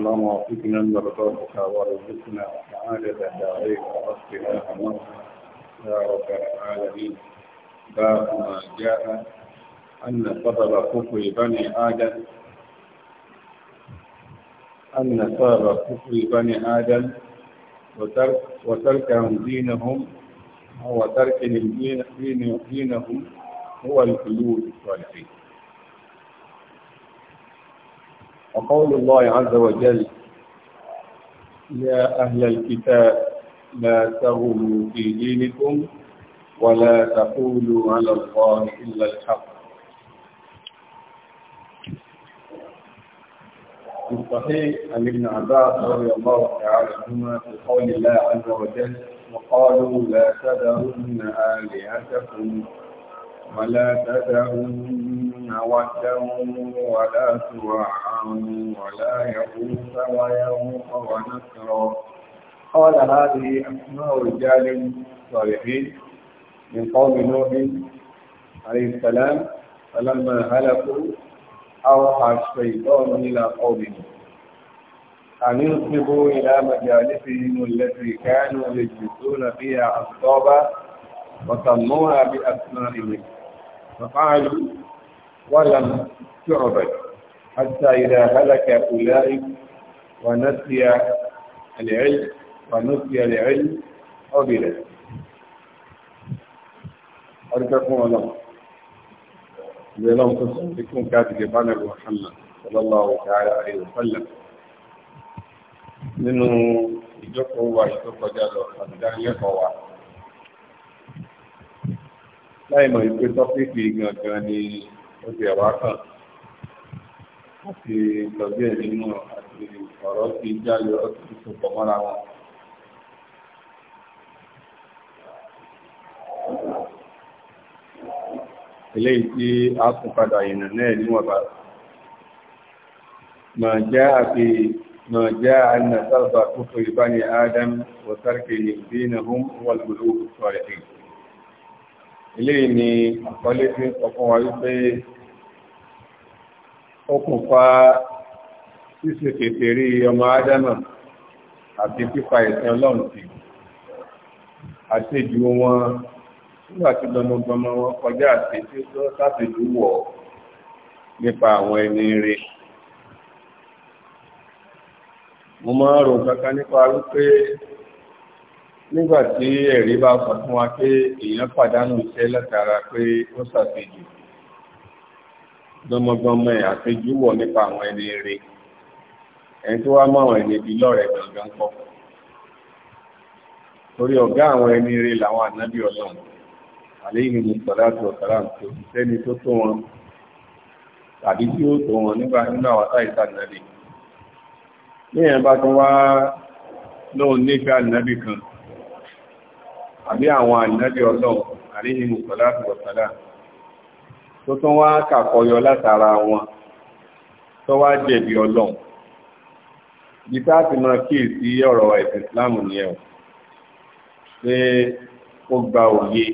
اللهم وفقنا لرضاك وارزقنا سعادة داريك وأصلها أمرنا يا رب العالمين باب ما جاء أن سبب كفر بني آدم أن سبب كفر بني آدم وترك وتركهم دينهم وترك دينهم هو الخلود الصالحين وقول الله عز وجل يا أهل الكتاب لا تغلوا في دينكم ولا تقولوا على الله إلا الحق في الصحيح عن ابن عباس رضي الله تعالى عنهما في قول الله عز وجل وقالوا لا تذرن آلهتكم ولا تذرن ودا ولا سواعا ولا قال هذه أسماء رجال صالحين من قوم نوح عليه السلام فلما هلكوا أوحى الشيطان إلى قومه أن ينصبوا إلى مجالسهم التي كانوا يجلسون فيها أصحابا وسموها بأسمائهم ففعلوا ولم تعبد حتى إذا هلك أولئك ونسي العلم ونسي العلم قبل أرجوكم الله لأنهم تكون كاتب بانر محمد صلى الله تعالى عليه وسلم nínú ìjókòó wa ìtókọjá lọ àdánilẹ́kọ̀ọ́ wa láìmọ̀ ìpé tọ́pìkì gangan ni àti ìtọ́jú ẹ̀ nínú àti ọ̀rọ̀ tí jáyọ ọtí tó pọ̀ mọ́ra wọn. eléyìí tí a kún padà ìnà náà níwọ̀n bá ma jẹ́ àfi ma jẹ́ àna sábà tó fi bá ní adam wa tarki ní dinahum wal qulub salihin eléyìí ni àkọlé tí ọkọ̀ wa wípé okùnfà ṣíṣe kèfèrí ọmọ ádámà àti pípa ẹ̀sìn ọlọ́run tì àṣejù wọn nígbà tí gbọmọgbọmọ wọn kọjá àṣejù tó ṣàṣejù wọ̀ nípa àwọn ẹni rẹ̀ mo máa ń rò kankan nípa wípé nígbà tí ẹ̀rí bá sọ fún wa pé èèyàn pàdánù iṣẹ́ látara pé ó ṣàṣejù gbọmọgbọmọ ẹ̀ àfẹjúwọ̀ nípa àwọn ẹni ẹni tó wá mọ́ àwọn ẹni ibi lọ́rẹ̀ẹ́ gbọ̀ngàn kọ torí ọ̀gá àwọn ẹni rere làwọn ànábì ọlọ́run àléyìn ní sọ̀dáàtì ọ̀sàràm tó tó wọn tàbí tí ó tó wọn nígbà nígbà wàtá ní bá tún kan àbí àwọn ànábì ní tó tún wá kàkọyọ látara wọn tó wá jẹ̀bi ọlọ́run gita ti máa kíyèsí ọ̀rọ̀ ẹ̀sìn islam nìyẹn o pé ó gba òye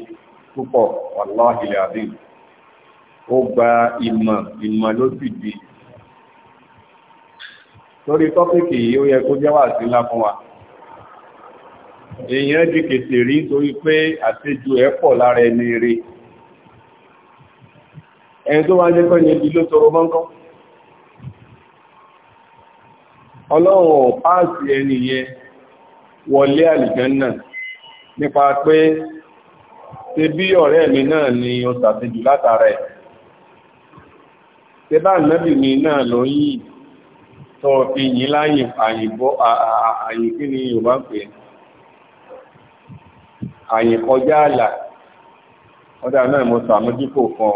púpọ̀ wàláhì àdìm ó gba ìmọ̀ ìmọ̀ ló sì di lórí tọ́pìkì yìí ó yẹ kó jẹ́ wàásí ńlá fún wa èèyàn di kèsì rí torí pé àṣejù ẹ̀ pọ̀ lára ẹni rí ẹni tó wá jẹ́ pẹ́ ní ibi ló tọrọ mọ́ńkọ́ ọlọ́run pàásì ẹni yẹn wọlé àlìjánà nípa pé ṣe bí ọ̀rẹ́ mi náà ni o ṣàtijù látara ẹ̀ ṣe bá nẹ́bì mi náà ló yìí tọ́ fi yìí láyé àyìnbọ́ àyìn ni Yorùbá pè àyìn kọjá àlà ọ̀dà náà mo ṣàmójúkò kan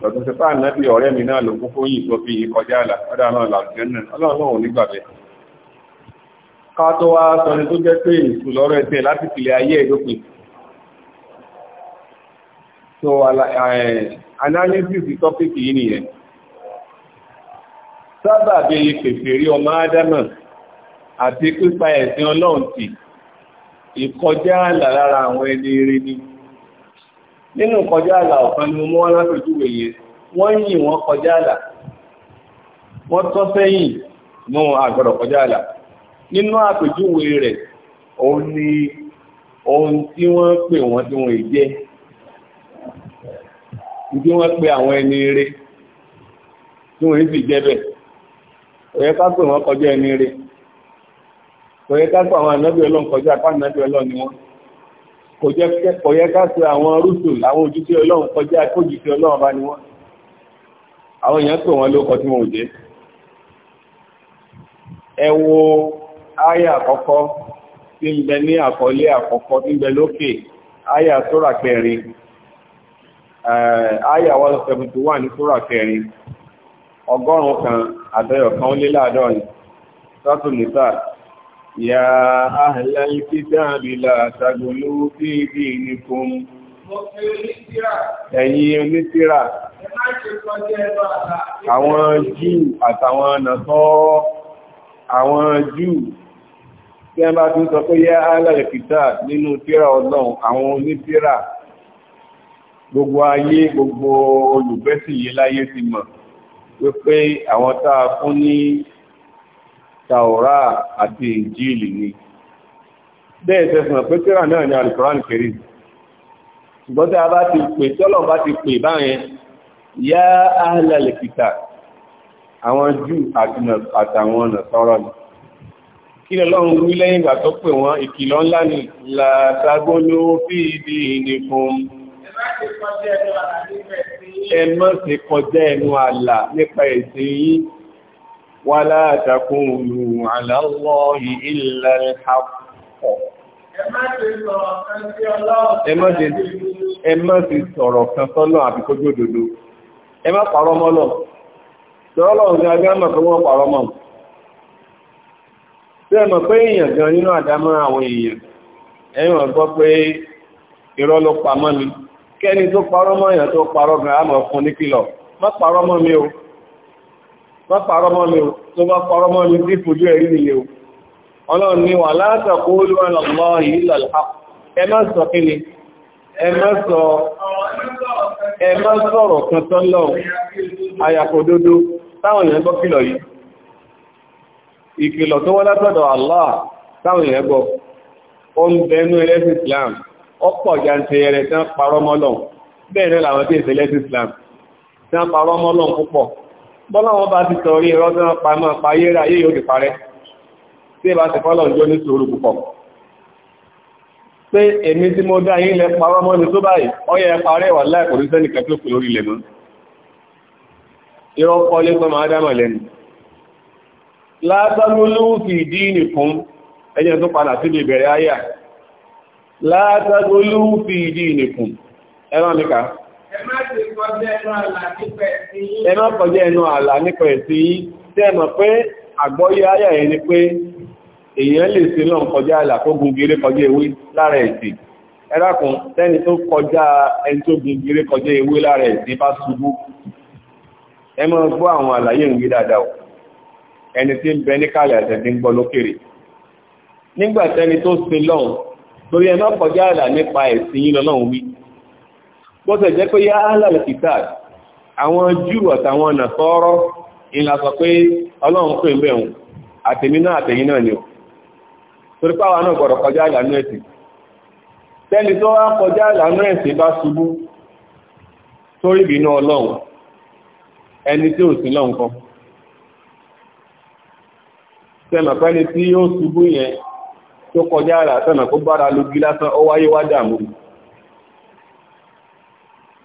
lọ́tún sí fáà náà bí ọ̀rẹ́ mi náà ló kún fún yìí tó fi kọjá àlà ọ̀dá náà làjẹ́nà ọlọ́run ò nígbàbẹ̀ ká tó wá sọ ni tó jẹ́ pé ìsù lọ́rọ̀ ẹsẹ̀ láti fìlẹ̀ ayé ìdópin so analysis topic yìí nìyẹn sábà bí i pèsè rí ọmọ ádámà àti pípa ẹ̀sìn ọlọ́run tì ìkọjá àlà lára àwọn nínú kọjá àlà ọ̀kan ni mo wọ́n lápẹ̀júwẹ̀ yẹn wọ́n yìn wọ́n kọjá àlà wọ́n tọ́ sẹ́yìn mọ́ àgbọ̀dọ̀ kọjá àlà nínú àpẹ̀júwẹ̀ rẹ̀ òun ni ohun tí wọ́n pè wọ́n tí wọ́n jẹ́ tí wọ́n pè àwọn ẹni rẹ̀ tí wọ́n sì jẹ́ bẹ̀ òyẹ ká pè wọ́n kọjá ẹni rẹ̀ òyẹ ká pè àwọn ànábì kọjá apá ànábì ni wọ́n kò yẹ ká ṣe àwọn rúṣù àwọn ojúṣe ọlọ́run kọjá kójúṣe ọlọ́run bá ní wọ́n àwọn èèyàn pè wọ́n lókọ tí wọ́n ò jẹ́ ẹ wo áyà àkọ́kọ́ tí ń bẹ ní àkọlé àkọ́kọ́ tí ń bẹ lókè áyà sóra kẹrin áyà 171 ní sóra kẹrin ọgọ́rùn-ún kan àtẹyọ̀ kan ó lé láàdọ́rin sọ́tún nìsáà يا أهل الكتاب لا تغلوا في دينكم ẹ̀yin onítírà àwọn Júù àtàwọn nàtọ́ àwọn Júù tí a bá tún sọ pé yá alẹ́lẹ̀kìtà nínú tírà ọlọ́run àwọn onítírà gbogbo ayé gbogbo olùgbẹ́sìn yìí láyé ti mọ̀ wípé àwọn tá fún ní tàwòrá àti ìjíìlì ni bẹ́ẹ̀ tẹ́sùn pé tíra náà ni alìkọ̀rán kiri ṣùgbọ́n tí a bá ti pè tọ́lọ̀ bá ti pè báyẹn yá áhìlẹ̀ kìtà àwọn jù àtàwọn ọ̀nà sọ́rọ̀ ni kí lọ́lọ́run wí lẹ́yìn ìgbà tó pè wọ́n ìkìlọ̀ ńlá ni làtàgbóló fi ìdí ìnìkún ẹ̀mọ́ sí kọjá ẹnu àlà nípa ẹ̀sìn yìí ولا تقولوا على الله إلا الحق ti sọ̀rọ̀ kan sọ́nà àbí kó jó dòdó ẹ má mọ́ lọ lọ́rọ̀lọ́rùn ní agbámọ̀ tó wọ́n pàrọ̀ mọ́ tí ẹ pé èèyàn gan nínú àdámọ́ àwọn èèyàn ẹ̀yàn gbọ́ pé irọ́ ló pamọ́ mi kẹ́ni tó pàrọ̀ mọ́ wọ́n parọ́ mọ́ mi o tó bá parọ́ mọ́ mi tí fojú ẹ̀rí mi o ọlọ́run ni wà látàkó olúwọ́n lọ́mọ́ yìí lọ́lá ẹ má sọ kí ni ẹ má sọ ẹ má sọ̀rọ̀ kan tán lọ́wọ́ àyàkòdodo táwọn èèyàn gbọ́ Islam ọ̀pọ̀ jàǹtẹ̀ẹ̀rẹ̀ tán parọ́ mọ́lọ̀ bẹ́ẹ̀ náà làwọn tí ìṣẹ̀lẹ́sìn Islam tán parọ́ mọ́lọ̀ púpọ̀ bọ́lọ́wọ́ bá ti tọ̀rí ìrọ́dán pàmọ́ pàyẹ́rẹ́ ayé yóò dìparẹ́ tí ẹ bá ti fọ́lọ̀ jọ ní sùúrù púpọ̀ pé èmi tí mo dá yín lẹ parọ́ mọ́ ní tó báyìí ọyẹ parẹ́ wà láì kò ní sẹ́ni kẹtùkù lórí ilẹ̀ mọ́ irọ́ kọ́ lé pé máa dámọ̀ lẹ́nu ẹ má kọjá ẹnu àlà nípa ẹ̀sìn yìí tẹ́ mọ̀ pé àgbọ́yé ayà ẹ̀ ni pé èèyàn lè ṣe lọ́n kọjá àlà tó gun gèrè kọjá ewé lára ẹ̀sìn ẹ̀rákùn tẹ́ni tó kọjá ẹni tó gun gèrè kọjá ewé lára ẹ̀sìn bá ṣubú ẹ má gbọ́ àwọn àlàyé ìwé dáadáa o ẹni tí ń bẹ ní kààlẹ̀ àtẹ̀ tí ń gbọ́ lókèrè nígbà tẹ́ni tó ṣe lọ́n torí ẹ má kọjá àlà nípa ẹ̀sìn yìí lọ́lọ́run wí bọ́sẹ̀ jẹ́ pé yá áhàlàlì kìtàd àwọn júù àtàwọn nàtọ́rọ́ ìlàsọ pé ọlọ́run pè mẹ́ òun àtẹ̀mí náà àtẹ̀yìn náà ni ò torí pàwà náà gbọ́dọ̀ kọjá ìlànà ẹ̀sìn tẹ́lì tó wá kọjá ìlànà ẹ̀sìn bá ṣubú torí bínú ọlọ́run ẹni tí ò sí lọ́nkọ́ sẹ́mọ̀pẹ́ni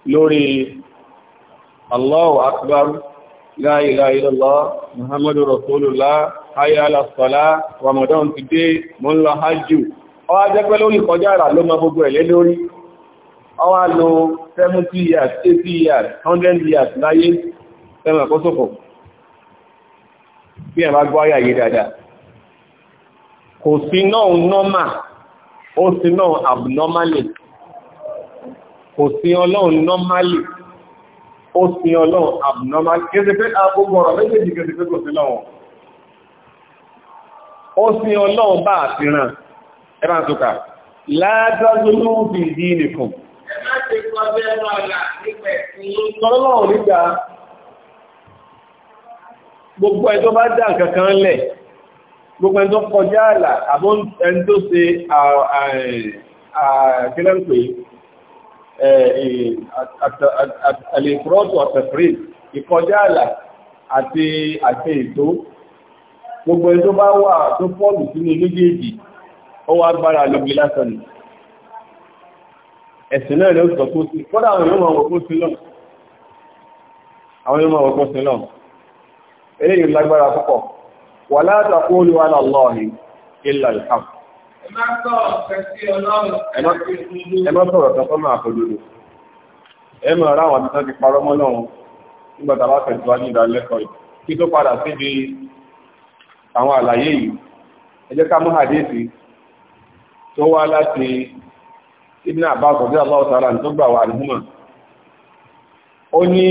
lórí Allahu Akbar, La Muhammadu Rasulullah, Hayya ala Ramadan ti dé, mo hajjú. wá jẹ́ pẹ́ lórí kọjára ló gbogbo ẹ̀lẹ́ lórí. Ó wá lọ 70 years, 80 years, 100 years láyé, Bí ẹ̀mà gbọ́ ayà yìí kò sin ọlọ́run normally ó sin ọlọ́run abnormal kéde pé agbogbo ọ̀rọ̀ méjèèjì kéde pé kò sí lọ́wọ́ ó sin ọlọ́run bá àfihàn ẹbá ń tókà láàdájú ló ń fi ìdí nìkan ọlọ́run nígbà gbogbo ẹ̀ tó bá dá kankan lẹ̀ gbogbo ẹ̀ tó kọjá àlà àbọ́n ẹ̀ tó ṣe àkílẹ̀ ń pè é àlèkúrọ́tù àtẹ̀fẹ́rẹ́ ìkọjá àlà àti àti ètò gbogbo ẹni tó bá wà tó fọ́ọ̀lù sínú méjèèjì ó wá gbára lóbi lásán ni ẹ̀sìn náà ni ó sọ tó sí kọ́dà àwọn yóò máa wọ̀kún sí lọ́n àwọn yóò máa wọ̀kún sí lọ́n eléyìí lágbára púpọ̀ wà látàkùn olúwa lọ́ọ̀hìn ilẹ̀ alhamdu Ẹ má sọ̀rọ̀ tọ́kọ́ máa fòdòdó. Ẹ mọ̀ ráwọn àti ti parọ́ mọ́ náà nígbàtà bá tẹ̀síwájú ìdánilẹ́kọ̀ọ́ Kí tó padà síbi àwọn àlàyé yìí, tó wá láti tó gbà wà nímọ̀. Ó ní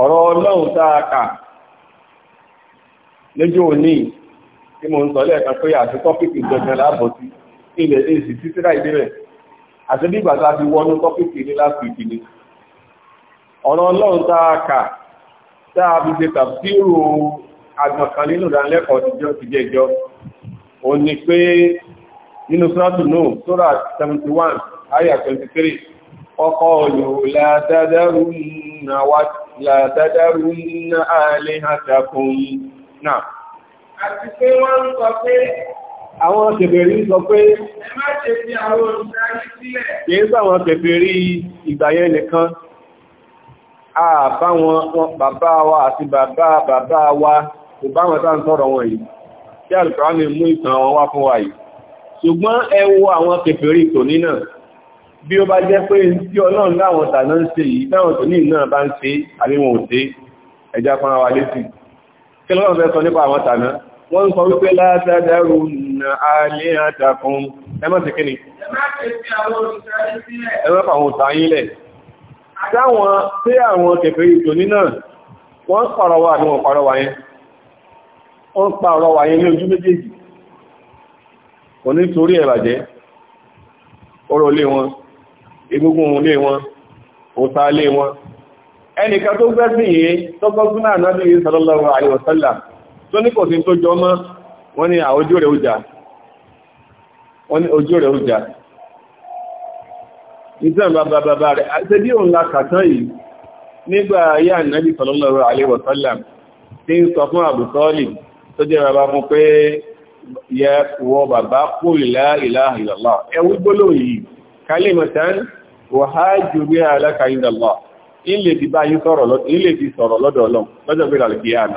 ọ̀rọ̀ Ọlọ́run tá lójú òní tí mo ń ẹ̀kan tó yà àti tọ́pìkì gbẹ̀gbẹ̀ láàbọ̀ sí ilẹ̀ èsì títí láì débẹ̀ àti bí ìgbà tá a fi wọnú tọ́pìkì ní láti ìpìlẹ̀ ọ̀rọ̀ ọlọ́run tá a kà tá a fi ṣe tàbísírò àgbọ̀nkan nínú ìdánilẹ́kọ̀ọ́ tìjọ́ tìjẹ́jọ́ ó ní pé nínú sọ́tù náà sórà 71 àyà 23 ọkọ̀ olù látàdárùn-ún àlẹ́ àtàkùn náà àti pé wọ́n ń sọ pé àwọn kèfèrí ń sọ pé ẹ má ṣe fi àwọn olùdarí sílẹ̀ kìí sáwọn kèfèrí ìgbàyẹn nìkan àbá wọn bàbá wa àti bàbá wa kò bá wọn sáà ń mú ìtàn wọn wá fún wa yìí ṣùgbọ́n ẹ wo àwọn kèfèrí tòní náà bí ó bá jẹ́ pé tí ọlọ́run láwọn tàná ń ṣe yìí táwọn tòní náà bá ń ṣe àríwọ̀n òṣè ẹjá fún wa létí kí lọ́rọ̀ fẹ́ sọ wọ́n ń sọ wípé látàdàrù nà alẹ́ àtàkùn ẹmọ́ ti kíni ẹmọ́ àwọn òtàyílẹ̀ táwọn tí àwọn kẹfẹ́ ìtò nínà wọ́n pàrọwà ní wọ́n pàrọwà yẹn wọ́n pàrọwà yẹn ní ojú méjèèjì kò ní torí ẹ̀bàjẹ́ ọrọ̀ lé wọn egungun lé wọn òta lé wọn tó ní kò sí tó jọ mọ́ wọ́n ní àwójú rẹ̀ òjà wọ́n ní ojú rẹ̀ òjà ìtàn bàbá bàbá rẹ̀ àti bí òun la kàtán yìí nígbà ayé ànábì sallallahu alaihi wasallam tí ń sọ fún Abu Talib tó jẹ́ bàbá fún pé yẹ wọ bàbá kú la ilaha illallah ẹwú gbólóhùn yìí kalimatan wa hajju biha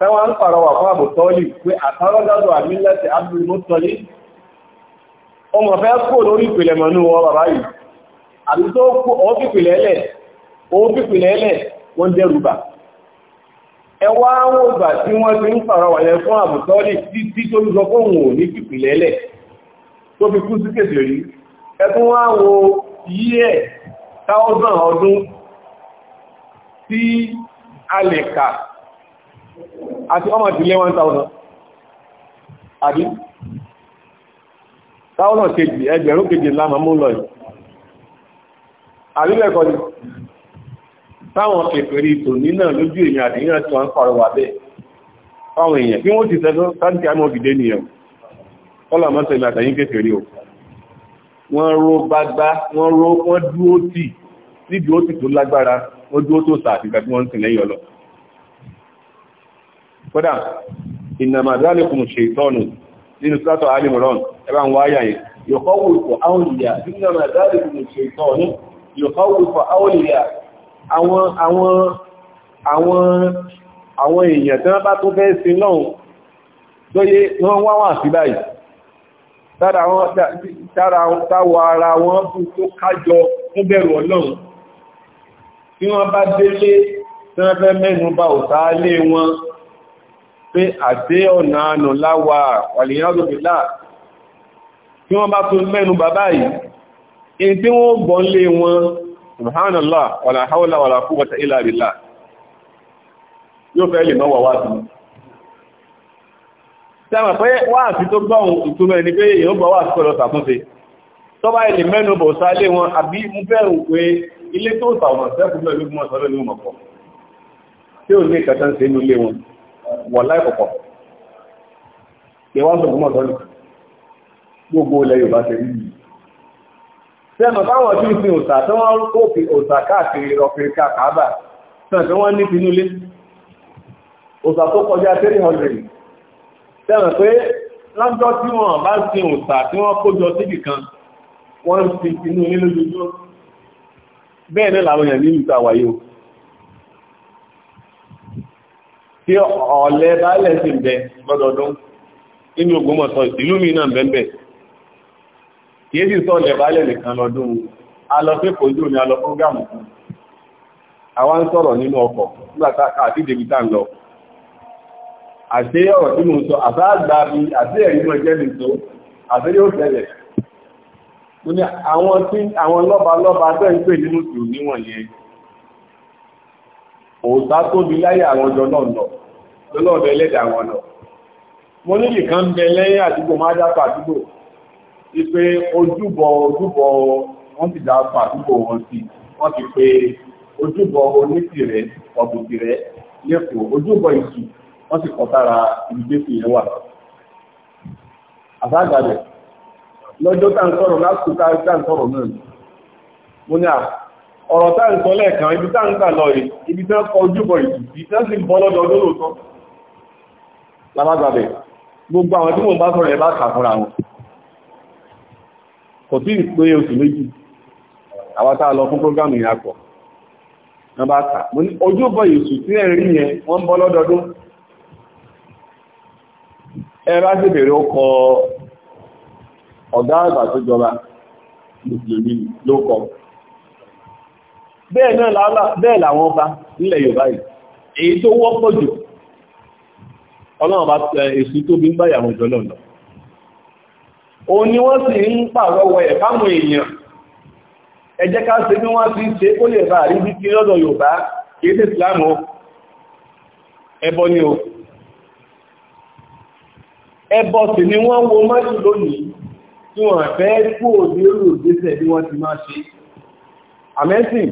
fẹ́wọ́n ń pàrọwà fún àbùtọ́lì pé àtàrọ́dọ́dọ̀ àmìlẹ́sì abdulmutọ́lì o mọ̀ fẹ́ kó lórí ìpìlẹ̀ mọ̀nú wọn bàbá yìí àti tó kó o wọ́n ẹwà àwọn ògbà tí wọ́n ti ń pàrọwà fún àti ọmọ ìdílé 1000 àbí táwọn kejì ẹgbẹ̀rún kejì lámà mú lọ yìí àbíbẹ̀kọ́ ni táwọn kèfèrí tò ní náà lójú èèyàn àdíyàn tí wọ́n ń pàrọwà bẹ́ẹ̀ fáwọn èèyàn bí wọ́n ti sẹ́tọ́ sáńtì àmọ́ ìdé nìyàn kọ́lọ̀ mọ́sọ̀ ìlú àtàyín kèfèrí o wọ́n ró gbágbá wọ́n ró wọ́n dúó tì nídìí ó kódà ìnàmà dálékùn ṣe ìtọ́nù nínú sátọ̀ alìmọ̀rán ẹbá ń wáyà yìí yọ̀kọ́wùfọ̀ áwòlìyà ìnàmà dálékùn ṣe ìtọ́nù yọ̀kọ́wùfọ̀ áwòlìyà àwọn èèyàn tí wọ́n bá tó fẹ́ sí lọ́hun lóyé wọ́n wá wà sí báyìí táwọ ara wọn fún tó kájọ fún bẹ̀rù ọlọ́run tí wọ́n bá délé tí wọ́n fẹ́ mẹ́nu bá òtàálé wọn pé àdé ọ̀nà ànà láwà wàlìyànzòbìlá tí wọ́n bá tún mẹ́nu bàbá yìí in tí wọ́n gbọ́n lé wọn subhanallah wàlà haúlà wàlà quwwata illa billah yóò fẹ́ lè mọ́wà wá sí sẹ́mà pé wá àti tó gbọ́n ìtumẹ̀ ní pé èyàn gbọ́ wà sọ́lọ sàtúnṣe tó bá ilẹ̀ mẹ́nu bọ̀ sálé wọn àbí mú bẹ̀rù pé ilé tó sàwọn sẹ́kùnlẹ̀ ló mọ̀ ní mọ̀kọ̀ tí ò ní ìkàtà ń se inú ilé wọn wọ̀lá ìkọ̀kọ̀ kí wọ́n sọ̀rọ̀ gbogbo ilẹ̀ Yorùbá ṣe rí yìí sẹ́nu táwọn tí ń òsà tí wọ́n kó fi òsà káàkiri ọ̀fẹ́ríkà káàbà sẹ́nu tí wọ́n ní tinúlé òsà tó kọjá 300 sẹ́nu pé lájọ́ tí wọ́n bá sin òsà tí wọ́n kójọ síbì kan wọ́n ń tinúlé lójoojúmọ́ bẹ́ẹ̀ ní làwọn èèyàn ní ìta wáyé o tí ọ̀lẹ́ báálẹ̀ sì bẹ lọ́dọọdún nínú Ògbómọ̀ṣọ́ ìlú mi náà bẹ́ẹ̀bẹ̀ kìí sì sọ ọ̀lẹ́ báálẹ̀ nìkan lọ́dún alọ́fẹ́kọ̀ ni alọ́ fúrógámù fún àwa ń sọ̀rọ̀ nínú ọkọ̀ nígbàtà àti dèbítà ń lọ àti ọ̀rọ̀ tí mo sọ àtàgbà bí àti ẹ̀rí mọ̀ jẹ́ nìtò àti òòtá tóbi láyé àwọn ọjọ́ náà lọ lọ́lọ́ọ̀dọ̀ ẹlẹ́dàá wọn lọ mo ní nìkan bẹ lẹ́yìn àdúgbò má dápà àdúgbò wípé ojúbọ̀ ojúbọ̀ wọ́n ti dápà àdúgbò wọn sí wọ́n ti pé ojúbọ onítìrẹ lẹ́kọ̀ọ́ ìsù wọ́n ti yẹn wà lọ́jọ́ tá ń sọ̀rọ̀ tá ń sọ̀rọ̀ náà ọ̀rọ̀ tá ń sọ lẹ́ẹ̀kan ibi tá ń gbà lọ rí ibi tán kọ ojúbọ ìtùsí tán sì bọ́ lọ́dọọdún lóòótọ́ lálágbàbẹ̀ gbogbo àwọn tí mo bá sọ̀rọ̀ ẹ̀ bá kà fúnra wọn kò tí ì pé oṣù méjì àwọn a lọ fún prógámù yẹn akọ̀ wọ́n bá kà ojúbọ ìtù tí ẹ̀ rí yẹn wọ́n bọ́ lọ́dọọdún ẹ bá sì bèrè ó kọ ọ̀gá àgbà tó bẹ́ẹ̀ náà láàlá bẹ́ẹ̀ làwọn ọba nílẹ̀ Yorùbá yìí èyí tó wọ́pọ̀ jù ọlọ́run bá èsù tó bí ń báyà àwọn ìjọ lọ́nà o ni wọ́n sì ń pàrọwọ ẹ̀ fáwọn èèyàn ẹ jẹ́ ká ṣe bí wọ́n ti ṣe kó lè bá rí bí kí lọ́dọ̀ Yorùbá kìí sí Islam ẹbọ ni o ẹbọ sì ni wọ́n wo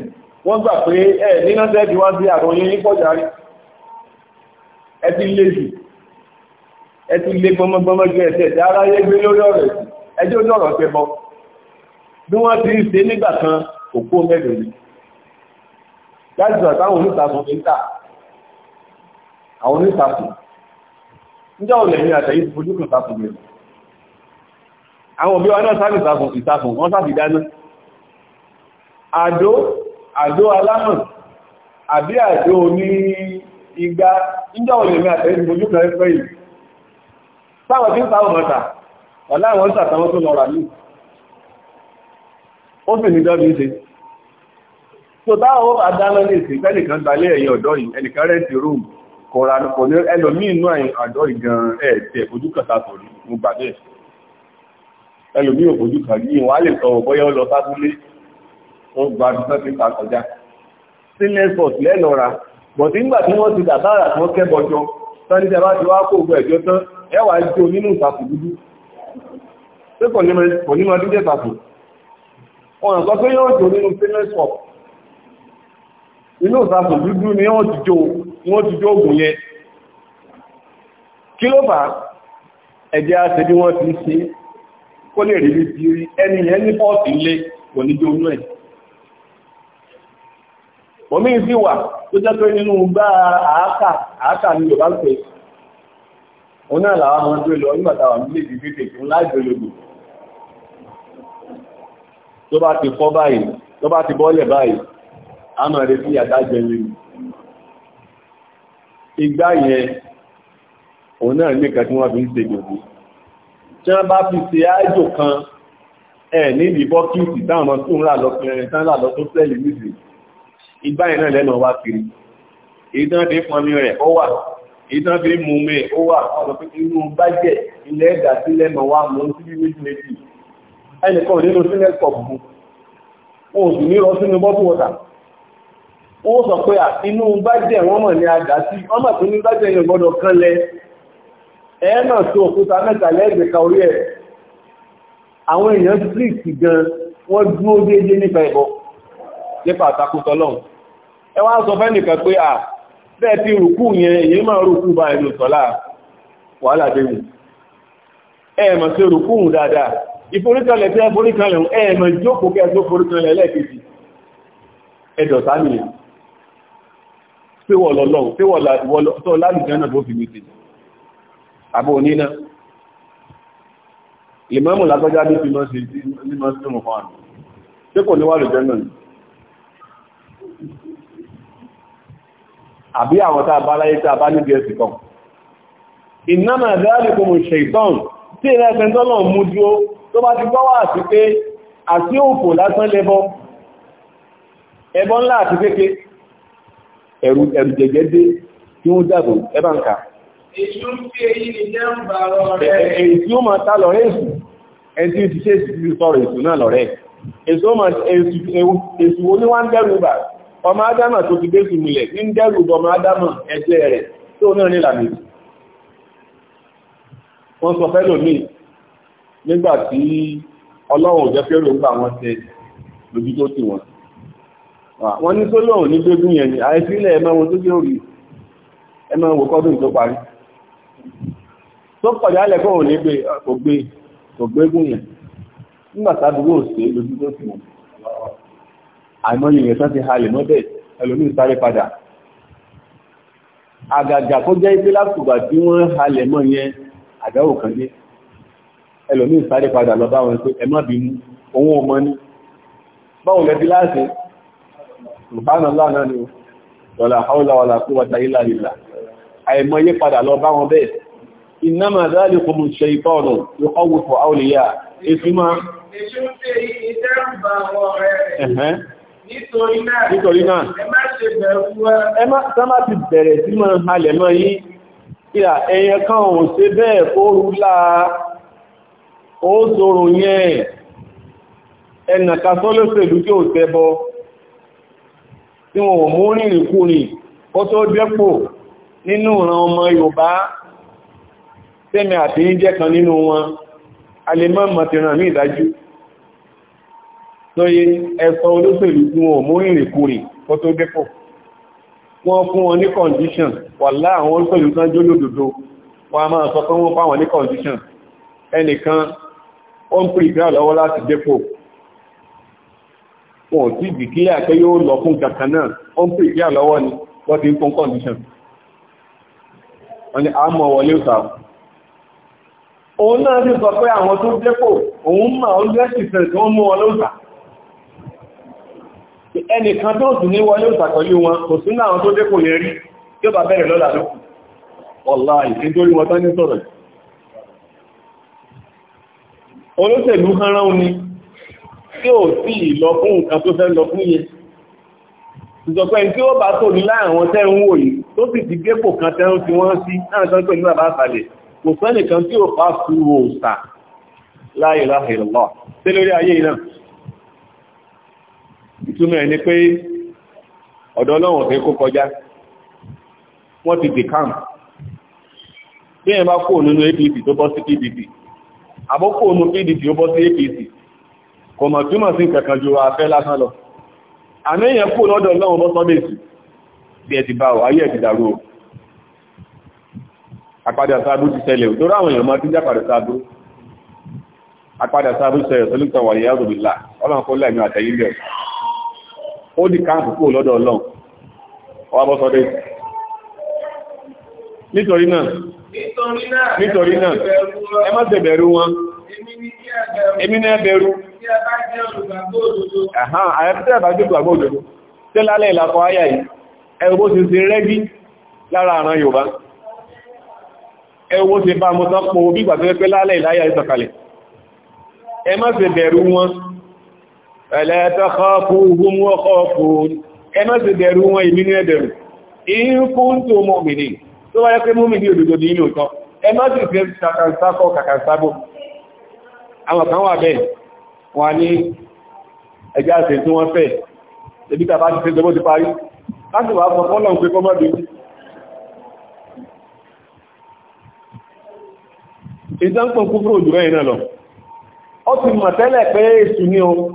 wọ́n gbà pé ẹ̀ nínú tẹ́ẹ̀dì wá sí àwọn oyún ní pọ̀járí ẹ ti lé jù ẹ ti lé gbọmọgbọmọ ju ẹ̀tẹ̀ tí ara yé gbé lórí ọ̀rọ̀ ẹ̀sìn ẹjọ́ ní ọ̀rọ̀ tẹ bọ́ bí wọ́n ti ń ṣe nígbà kan òkú mẹ́rin ni láti sọ̀rọ̀ táwọn oníṣàkùn ti ń tà àwọn oníṣàkùn níjọ́ òun lẹ́yìn àtẹ̀yí fojú kan sáfùn mi àwọn òbí wa náà sáfì sáfùn ìsáfùn wọ́n sáfì dáná àdó àdó alámọ̀ àbí àdó ní igba ìjọ òlè ní àtẹ́rí mojú kan ẹ́fẹ́ yìí sáwọn tí ń sáwọn mọ́ta wà láwọn sàtàwọn tó lọ́ra ní ó sì ní dọ́bí ṣe tó táwọn àdáná ní ìsìn fẹ́nìkan gbalẹ̀ ẹ̀yìn ọ̀dọ́ yìí ẹnìkan rẹ̀ntì room kọ̀ọ̀rọ̀ kò ní ẹlòmíì inú àyìn àdọ́ ìgan ẹ̀ẹ̀tẹ̀ ojú wọ́n gba àdúgbò tí ká kọjá stainless pot lẹ́lọ́ra but nígbà tí wọ́n ti dàbára tí wọ́n kẹ́bọjọ sani tẹ́ bá ti wá kó ogun ẹ̀jọ́ tán ẹ wà jó nínú ìtàkù dúdú pé kò ní máa dídé ìtàkù ọ̀nà kan pé yóò jó nínú stainless pot inú ìtàkù dúdú ni wọ́n ti jó wọ́n ti jó ogun yẹn kí ló fà ṣe kó lè rí bí ti ẹni pọ́ọ̀tì lé kò ní jó nú ẹ̀ omi sí wà tó jẹ́ pé nínú bá àákà àákà ní yorùbá pé òun náà làwọn àwọn tó lọ nígbàtà wà nílé ìdíbí tètè ńlá ìgbèlógún tó bá ti fọ́ báyìí tó bá ti bọ́lẹ̀ báyìí a mọ̀ rẹ̀ sí àdájẹ́ lẹ́nu igbá yẹn òun náà ní ìkà tí wọ́n fi ń ṣe gbogbo tí wọ́n bá fi ṣe ájò kan ẹ̀ níbi bọ́kìtì ìgbà ìrìnà lẹ́nà wá kiri ìdán fi pọnmi rẹ̀ ó wà ìdán fi mú mi ó wà ọ̀rọ̀ pé inú bájẹ̀ ilẹ̀ ẹ̀dà sí lẹ́nà wá mọ́ sí bí méjì méjì ẹnìkan nínú sílẹ̀ kọ̀ọ̀bù wọn ò sì ní lọ sínú bọ́tù wọ́tà wọ́n sọ pé inú bájẹ̀ wọ́n mọ̀ ní àdá sí ọmọ àwọn èèyàn street gan wọ́n dúró déédéé nípa ẹ̀bọ nípa àtakùtọ̀ ẹ wá sọ fẹ́ nìkan pé à bẹ́ẹ̀ ti rùkú yẹn èyí máa rùkú bá ẹnu sọ́lá wàhálà dé wù ẹ mọ̀ sí rùkú hùn dáadáa ìforíkalẹ̀ tí ẹ foríkalẹ̀ ẹ mọ̀ jókòó kẹ́ tó foríkalẹ̀ lẹ́ẹ̀kejì ẹ̀dọ̀ sáàmìlì pé wọ̀ lọ́lọ́wọ́ pé wọ̀ tó lálùjẹ́ náà tó fi àbí àwọn tá bá láyé tá bá níbi ẹ̀sì kan ìnáma dáríkùnmù ṣèitán tí ilẹ̀ ẹ̀sẹ̀ntọ́nà mú dúó tó bá ti gbọ́wà sí pé àti òfò lásán lẹ́bọ́ ẹbọ ńlá àti kéke ẹ̀rù jẹ̀jẹ̀ dé tí wọ́n dàbò ẹbànkà èyí ó máa tá lọ rẹ̀ èsù ẹni tí ó ti ṣe èsù sọ̀rọ̀ èsù náà lọ rẹ̀ èsù wo ní wá ń dẹ́rù bàrẹ̀ ọmọ ádámà tó ti bẹ́sù múlẹ̀ ní ń dẹ́rù ọmọ ádámà ẹgbẹ́ rẹ̀ tó náà ní ìlànà ìlú wọ́n sọ fẹ́ lòmí nígbà tí ọlọ́run ò jẹ́ fẹ́ lòmgbà wọn tẹ lójú tó ti wọn wọ́n ní tó lòun ní gbégún yẹn ni àìsílẹ̀ ẹmọ wọn tó yóò rí ẹmọ wò kọ́dún tó parí tó kọjá lẹ́kọ́ òun ní gbé ògbé ògbégún yẹn nígbà tá àìmọ́yìn èèyàn tán ti halẹ̀ mọ́bẹ̀ ẹlòmíì sáré padà àgàgà kó jẹ́ ipé látùgbà tí wọ́n halẹ̀ mọ́ yẹn àdáwò kan dé ẹlòmíì sáré padà lọ bá wọn pé ẹ má bínú òun ọmọ ní báwo lẹ́bí láti subhanallah náà ni wala hawla wala quwwata bá wọn rẹ̀ nítorí náà nítorí náà ẹ má ṣe bẹ̀rù ẹ má sábà ti bẹ̀rẹ̀ sí máa halẹ̀ mọ́ yí ìyà ẹyẹ kan ò ṣe bẹ́ẹ̀ kó rúlá ó sọ̀rọ̀ yẹn ẹnà kasọ́lọ́sẹ̀lú tí ó tẹ́bọ tí wọn ò mú rìnrìn kúrìn kó tó dẹ́pò nínú ìran ọmọ Yorùbá tẹ́mi àti ń jẹ́ kan nínú wọn a lè mọ́ mọ̀ ti ràn ìdájú lóye ẹ̀sọ́ olóṣèlú tí wọn ò mú ìrìnkúrìn kó tó dépò wọ́n fún wọn ní condition wà láàwọn olóṣèlú tán jó lòdòdó wọ́n a máa sọ pé wọ́n fáwọn ní condition ẹnìkan ó ń pèrè ìgbà lọ́wọ́ láti dépò wọn ò tí dìkílẹ̀ pé yóò lọ fún kankan náà ó ń pèrè ìgbà lọ́wọ́ ni wọ́n ti ń fún condition wọ́n ni a mọ̀ wọlé ìsàwọn òun náà sì sọ pé àwọn tó dépò òun mà ó lẹ́sìsẹ̀ tí wọ́n mú wọn lóòsàn ẹnìkan tó sì ní wọlé òsàkọ̀lú wọn kò sí náà tó dékò yẹn rí tí ó bá bẹ̀rẹ̀ lọ́la lókù ọ̀la ìfẹ́dórí wọn tán ní sọ̀rọ̀ olóṣèlú hánrán ni tí ó sì lọ fún nǹkan tó fẹ́ lọ fún yẹn ìjọpẹ́ tí ó bá tò ní láàrin tẹ́ tẹ́ ìtumọ̀ ẹ̀ ni pé ọ̀dọ̀ ọlọ́run ọ̀fẹ́ kó kọjá wọ́n ti dìkàm bí bá kó nínú APC tó bọ́ sí PDP àbókò nínú PDP ó bọ́ sí APC kò mọ̀ sí kankan ju afẹ́ lásán lọ àmì kó lọ́dọ̀ ọlọ́run bọ́ sọ́dẹ̀ bí ẹ ti bá ọ ayé ẹ ti dàrú o àpadà ti ráwọn èèyàn máa ti ó dì káàkù kúrò lọ́dọ̀ ọlọ́run ọwá bọ́ sọ́dé nítorí náà nítorí náà ẹ má ṣe bẹ̀rù wọn èmi ní ẹbẹ̀rù àyàfẹ́tẹ́ àbájú gbàgbọ́ òdòdó tẹ́ lálẹ́ ìlàkọ̀ ayà yìí ẹwọ bó ti ṣe rẹ́gí lára àrán Yorùbá ẹwọ bó ti bá mọ́tán pọ̀ bí gbàgbẹ́ pẹ́ lálẹ́ ìláyà ìsọ̀kalẹ̀ ẹ má ṣe bẹ̀rù wọn فلا تخافوهم وخافون ẹmọ́ sì dẹ̀rù wọn ìlú ní ẹ̀dẹ̀rù in kuntum mu'minin tó wáyé pé mu'minin òdòdó ní inú ìtọ́ ẹmọ́ sì fẹ́ kàkànsákọ̀ kàkànsábò àwọn kan wà bẹ́ẹ̀ wà ní ẹjá àṣẹ tí wọ́n fẹ́ ẹbí tàbá ti fẹ́ jọmọ́ ti parí láti wà fún fọ́lọ̀ pé kọ́mọ́dé ìtànkùn kúfúrò jù rẹ̀ ìrìnà lọ ó ti mọ̀ tẹ́lẹ̀ pé èsù ní ohun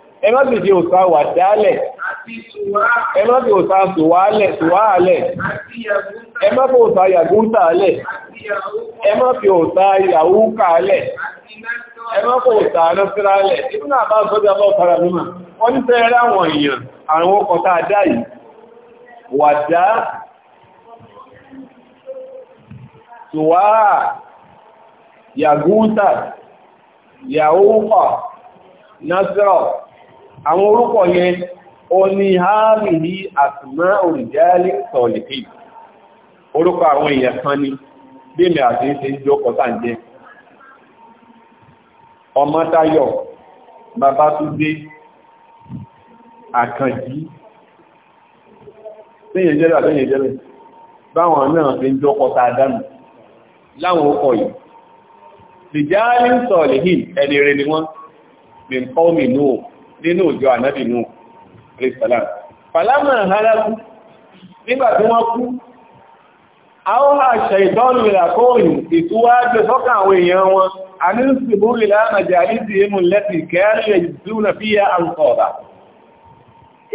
ẹ má sì di òsà wà dálẹ̀ ẹ má fi òsà sùwálẹ̀ sùwálẹ̀ ẹ má fi òsà yàgúntà lẹ̀ ẹ má fi òsà yàúkà lẹ̀ ẹ má fi òsà nọ́síra lẹ̀ ìbúnà bá sọ́jà bọ́ fara mímọ̀ wọ́n ní tẹ́rẹ àwọn èèyàn àwọn ọkọ̀ tá a dá yìí wà dá sùwá yàgúntà yàúkà nọ́sírọ̀ àwọn orúkọ yẹn o ní hálì ní àtìmá òrìjálì sọ̀lẹ̀kì orúkọ àwọn èèyàn kan ní bí mi àti ń ṣe ń jọ kọta ń jẹ ọmọ táyọ̀ babátúndé àkànjí lẹ́yìn jẹ́rẹ̀ àtẹ́yìn jẹ́rẹ̀ báwọn ń sọ̀lẹ̀ hìn ẹni rẹ̀ ni wọ́n mi ń kọ́ mi nú nínú òjò ànábì nù alẹ́sàlám pàlámà hálàkú nígbà tí wọ́n kú àwọn àṣà ìtọ́nù ìlàkóòyìn ìtúwájú sọ́kà àwọn èèyàn wọn a ní ṣùgbú ìlànàjà àríṣì imú lẹ́tì kẹrìnlẹ̀ ìdúnà fi yá àǹkọ̀ọ̀dà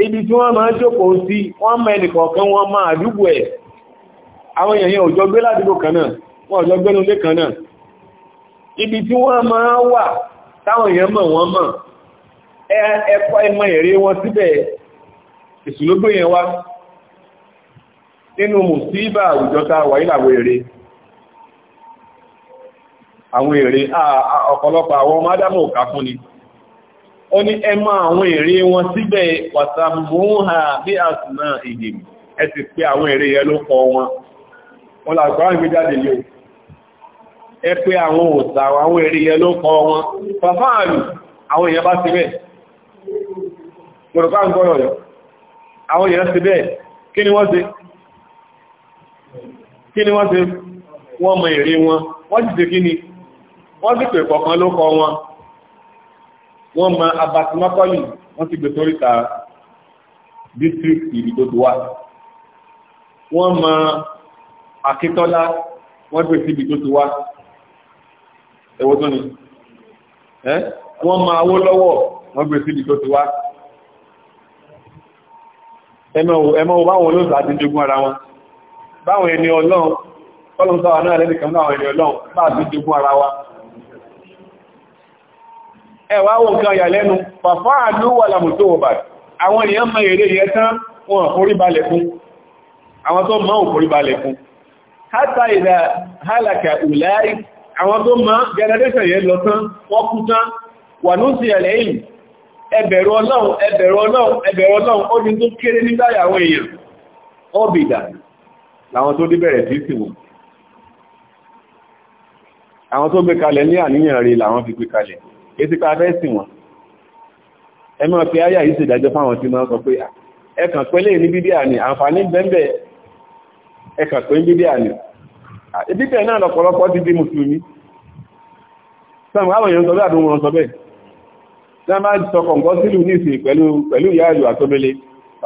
ibi tí wọ́n máa jókòó sí wọ́n mẹ́rin kọ̀ọ̀kan wọ́n máa àdúgbò ẹ̀ ibi tí wọ́n máa wà táwọn èèyàn mọ̀ wọ́n mọ̀ ẹ̀kọ́ ẹmọ èrè wọn síbẹ̀ ìṣùlógbé yẹn wá nínú mùsíbà àwùjọta wà ìlàwọ̀ èrè àwọn èrè ọ̀pọ̀lọpọ̀ àwọn ọmọ adámọ̀ òkà fún ni ó ní ẹmọ àwọn èrè wọn síbẹ̀ pàtàmùhà bí àsìnà èdè ẹ ti pé àwọn èrè yẹn ló kọ wọn wọn làgbára ìgbé jáde yóò ẹ pé àwọn òsà àwọn èrè yẹn ló kọ wọn fàfáàlù àwọn èèyàn bá síbẹ̀ pọ̀lọ̀pá ń gbọ́rọ̀ yọ àwọn èèyàn ṣe bẹ́ẹ̀ kí ni wọ́n ṣe kí ni wọ́n ṣe wọ́n mọ èrè wọn wọ́n sì ṣe kí ni wọ́n sì pè kọ̀ọ̀kan ló kọ wọn wọ́n mọ abatimakọ́lì wọ́n ti gbé sórí ta district ìlú tó ti wá wọ́n mọ akíntọ́lá wọ́n gbé síbi tó ti wá ẹ̀wọ́ tó ni wọ́n mọ awólọ́wọ̀ wọ́n gbé síbi tó ti ẹmọ́ báwọn olóòsù àti jogún ara wọn báwọn ẹni ọlọ́run ọlọ́run sáwà náà lẹ́nìkan náà ẹni ọlọ́run bá àti jogún ara wa ẹwà wọn kan yà lẹ́nu pàfá àdúwà làmùtò ọba àwọn èèyàn mọ èrè yẹ tán wọn orí balẹ̀ fún àwọn tó mọ́ òkúrí balẹ̀ ẹbẹ̀rù ọlọ́run ẹbẹ̀rù ọlọ́run ẹbẹ̀rù ọlọ́run ó ní tó kéré nígbàyà àwọn èèyàn ọ́bìdà làwọn tó dé bẹ̀rẹ̀ sí ìsìnwò àwọn tó gbé kalẹ̀ ní àníyàn rí làwọn fi gbé kalẹ̀ èsì fẹ́ sìn wọn ẹ fi áyà yìí ṣèdájọ́ fáwọn tí máa sọ pé ẹkàn ni náà sọkọ̀ nǹkan sílù ní ìsìn pẹ̀lú pẹ̀lú ìyá ìlú àtọ́bẹ̀lẹ̀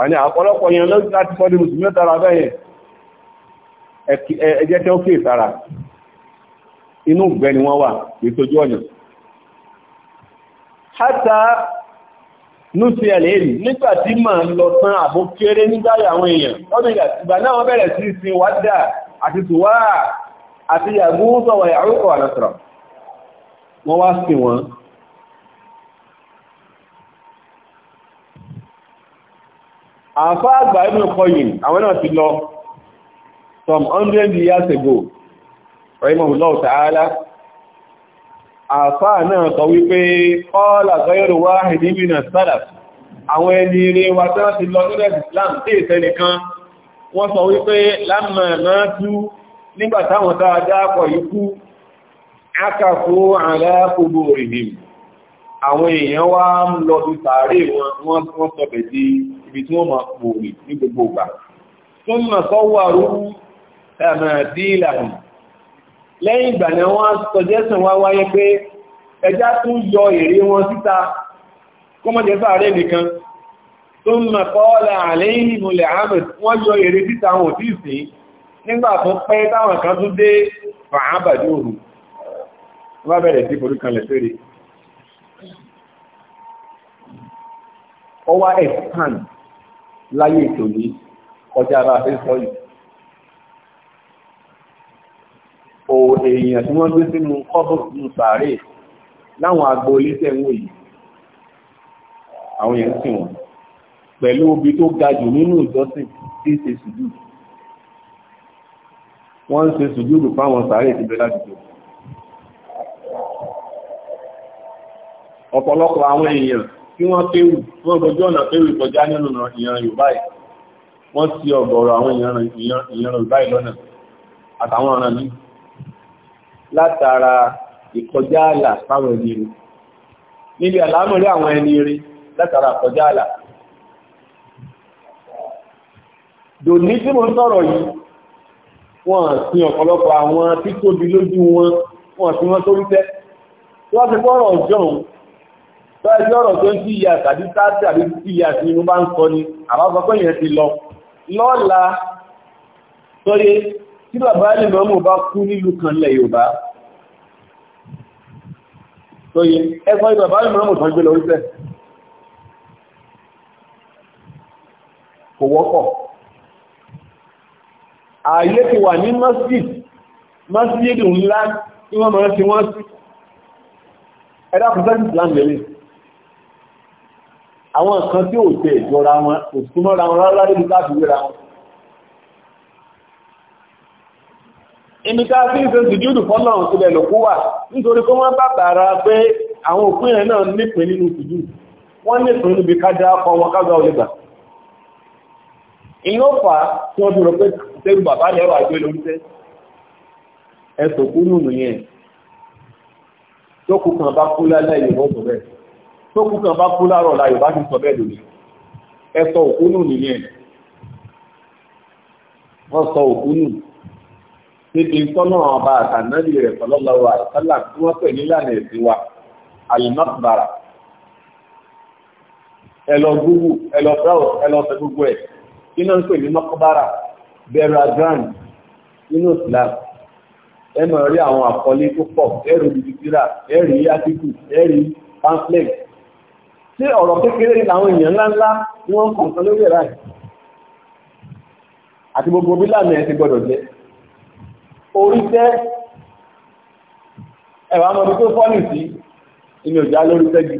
àní àpọ̀lọpọ̀ yẹn lọ láti fọ́dí mùsùlùmí tara bẹ́yẹn ẹjẹ́ tẹ́ ó sára inú ìgbẹ́ ni wọ́n wà ìtòjú ọ̀nà hátà núti ẹ̀lẹ́ èlì nígbà tí mà ń lọ tán àbó kéré nígbàrí àwọn èèyàn lọ́dún ìgbà náà wọ́n bẹ̀rẹ̀ sí sin wádà àfá àgbà Ibn Qayyim àwọn náà ti lọ some hundred years ago rahimahullahu ta'ala àfá náà sọ wípé qala ghayru wahidin min as-salaf àwọn ẹni rí wa tí wọ́n ti lọ nílẹ̀ Islam tí ìsẹ́nìkan wọ́n sọ wípé lámà náà tú nígbà táwọn tàà dápọ̀ yìí kú ákàfó ala quburihim àwọn èèyàn wá ń lọ sí sàárè wọn wọ́n sọ bẹ̀ sí ibi tí wọ́n máa pòrì ní gbogbo ìgbà tó mọ̀ kọ́ wà rú ẹ̀mà díìlànà lẹ́yìn ìgbà náà wọ́n sọjẹ́sùn wá wáyé pé ẹjá tún yọ èrè wọn síta kọ́mọ̀jẹ́ fàárẹ̀ nìkan tó mọ̀ kọ́ ọ̀là àlẹ́yìn ìmúlẹ̀ ahmed láyé ìtòní kọjá ara fẹ́ sọ yìí. o èèyàn tí wọ́n gbé sínú kọ́bù nínú sàárè láwọn agbo oníṣẹ́ ń wò yìí àwọn èèyàn sì wọ́n pẹ̀lú obì tó ga jù nínú ìjọsìn tí ṣe sùdúù wọ́n ń ṣe sùdúù fáwọn sàárè ti bẹ́lá jùlọ ọ̀pọ̀lọpọ̀ àwọn èèyàn tí wọ́n kéwù wọ́n gbọ́jọ́ ọ̀nà kéwù kọjá nínú ìran Yorùbá yìí wọ́n ti ọ̀gọ̀rọ̀ àwọn ìran Yorùbá yìí lọ́nà àtàwọn ọ̀ràn ní látara ìkọjá àlà fáwọn ẹni rí níbi àlámọ̀rí àwọn ẹni rí látara ìkọjá àlà dòní tí mo ń sọ̀rọ̀ yìí wọ́n sí ọ̀pọ̀lọpọ̀ àwọn títóbi lójú wọn wọ́n sí wọ́n tó tẹ́ wọ́n ti gbọ́rọ̀ ọjọ́ tó ẹjọ́ ọ̀rọ̀ tó ń tí ìyá tàbí táàtì àbí tí ìyá sí inú bá ń sọ ni àbábọ̀ pé yẹn ti lọ lọ́la tọ́yé tí bàbá lè mọ́mù bá kú nílùú kan lẹ̀ Yorùbá tọ́yé ẹgbọ́n bàbá lè mọ́mù tán gbé lọ rí bẹ́ẹ̀ kò wọ́pọ̀ ààyè ti wà ní masjid masjid ńlá tí wọ́n mọ̀ sí wọ́n sí ẹ̀dá kùsẹ́ ìsìlámù lélẹ̀ àwọn nǹkan tí ò tẹ̀ ìjọra wọn kò súnmọ́ ra wọn rárá níbi láti wéra wọn ibi tá sí ìsẹ́ sùjúdù fọ́lọ́run sílẹ̀ lòkú wà nítorí kó wọ́n bàbàrà pé àwọn òpin ẹ̀ náà nípin nínú sùjúdù wọ́n nípin níbi kájá ọkọ̀ wọn kágbà olùgbà inú fà tí wọ́n dúró pé tó kú kan bá kú láàrọ̀ láyò bá ti sọ bẹ́ẹ̀ lónìí ẹsọ òkú nù nìyẹn wọ́n sọ òkú nù níbi tọ́nà ọba àtànáàlì rẹ̀ sallallahu alaihi wasallam tí wọ́n pè nílànà ẹ̀sìn wa alimakbara ẹlọ gúgù ẹlọ brau ẹlọ fẹ gbogbo ẹ iná ń pè ní makbara bẹ̀rẹ̀ grand nínú islam ẹ máa rí àwọn àkọlé tó pọ̀ ẹ̀rí bìbìtìrà ẹ̀rí átíkù ẹ̀rí pamphlet tí ọ̀rọ̀ kékeré láwọn èèyàn ńláńlá ní wọ́n kàn kan lórí ẹ̀ráì àti gbogbo bí láàmì ẹ̀ ti gbọdọ̀ jẹ́ orí tẹ́ ẹ̀wà mọ́bí tó fọ́nì sí inú ìjà lórí tẹ́gì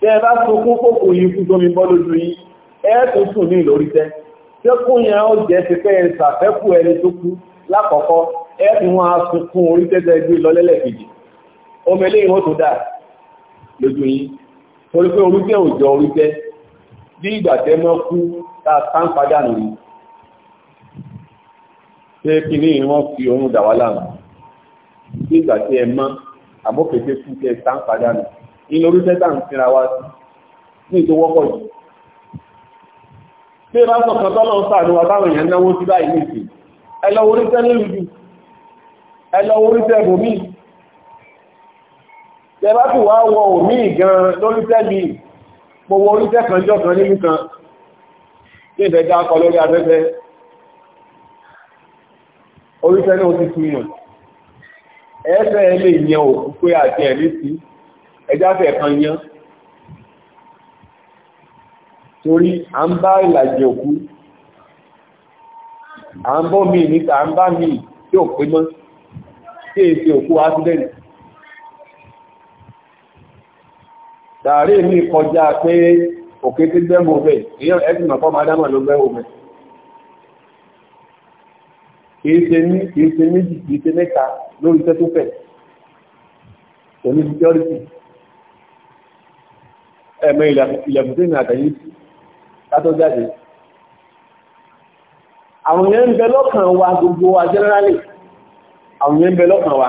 tẹ́ ẹ bá sunkún kókò yìí kú tómi bọ́ lójú yìí ẹ tó sùn ní ìlórí tẹ́ tí kún yẹn ó lójú yín torí pé orí jẹ́ òjò orí jẹ́ bí ìgbà tẹ́ mọ́ kú tá a tá ń padà nù ṣé kí ní wọ́n fi oorun dà wá láàmú bí ìgbà tẹ́ ẹ mọ́ àbókèké kú tẹ́ tá ń padà nù nínú orí tẹ́ tá ń sinra wá sí ní ìtòwọ́pọ̀ yìí tí bá sọ kan tọ́lọ́ sáàdù wà táwọn èèyàn náwó sí báyìí nìsí ẹlọ orí tẹ́ nílùú jù ẹlọ orí tẹ́ bòmíì tẹ́bá sì wá wọ òmí gan lórí tẹ́lì gbogbo orí tẹ́kànjọ́ kan nínú kan ní ìfẹ́já akọ lórí afẹ́fẹ́ orí tẹ́lì ó ti túnmọ̀ ẹ̀ẹ́fẹ́ ilé ìyẹn òkú pé àti ẹ̀rí sí ẹjáfẹ́ kan yán torí à ń bá ìlàjì òkú à ń bọ́ mi níta à ń bá mi tí ò pé mọ́ tí èsì tààrí mi kọjá pé òkè tí gbẹ́mù bẹ̀ èyàn ẹ̀sìn mọ̀kọ́ máa dámà ló gbẹ́mù bẹ̀ kìí ṣe méjì kìí ṣe mẹ́ta lórí iṣẹ́ tó fẹ̀ pẹ̀lú security ẹ̀mọ ìlẹ̀kùn tí mi àtẹ̀yìn sí kátó jáde àwọn yẹn ń bẹ lọ́kàn wa gbogbo wa generally àwọn yẹn ń bẹ lọ́kàn wa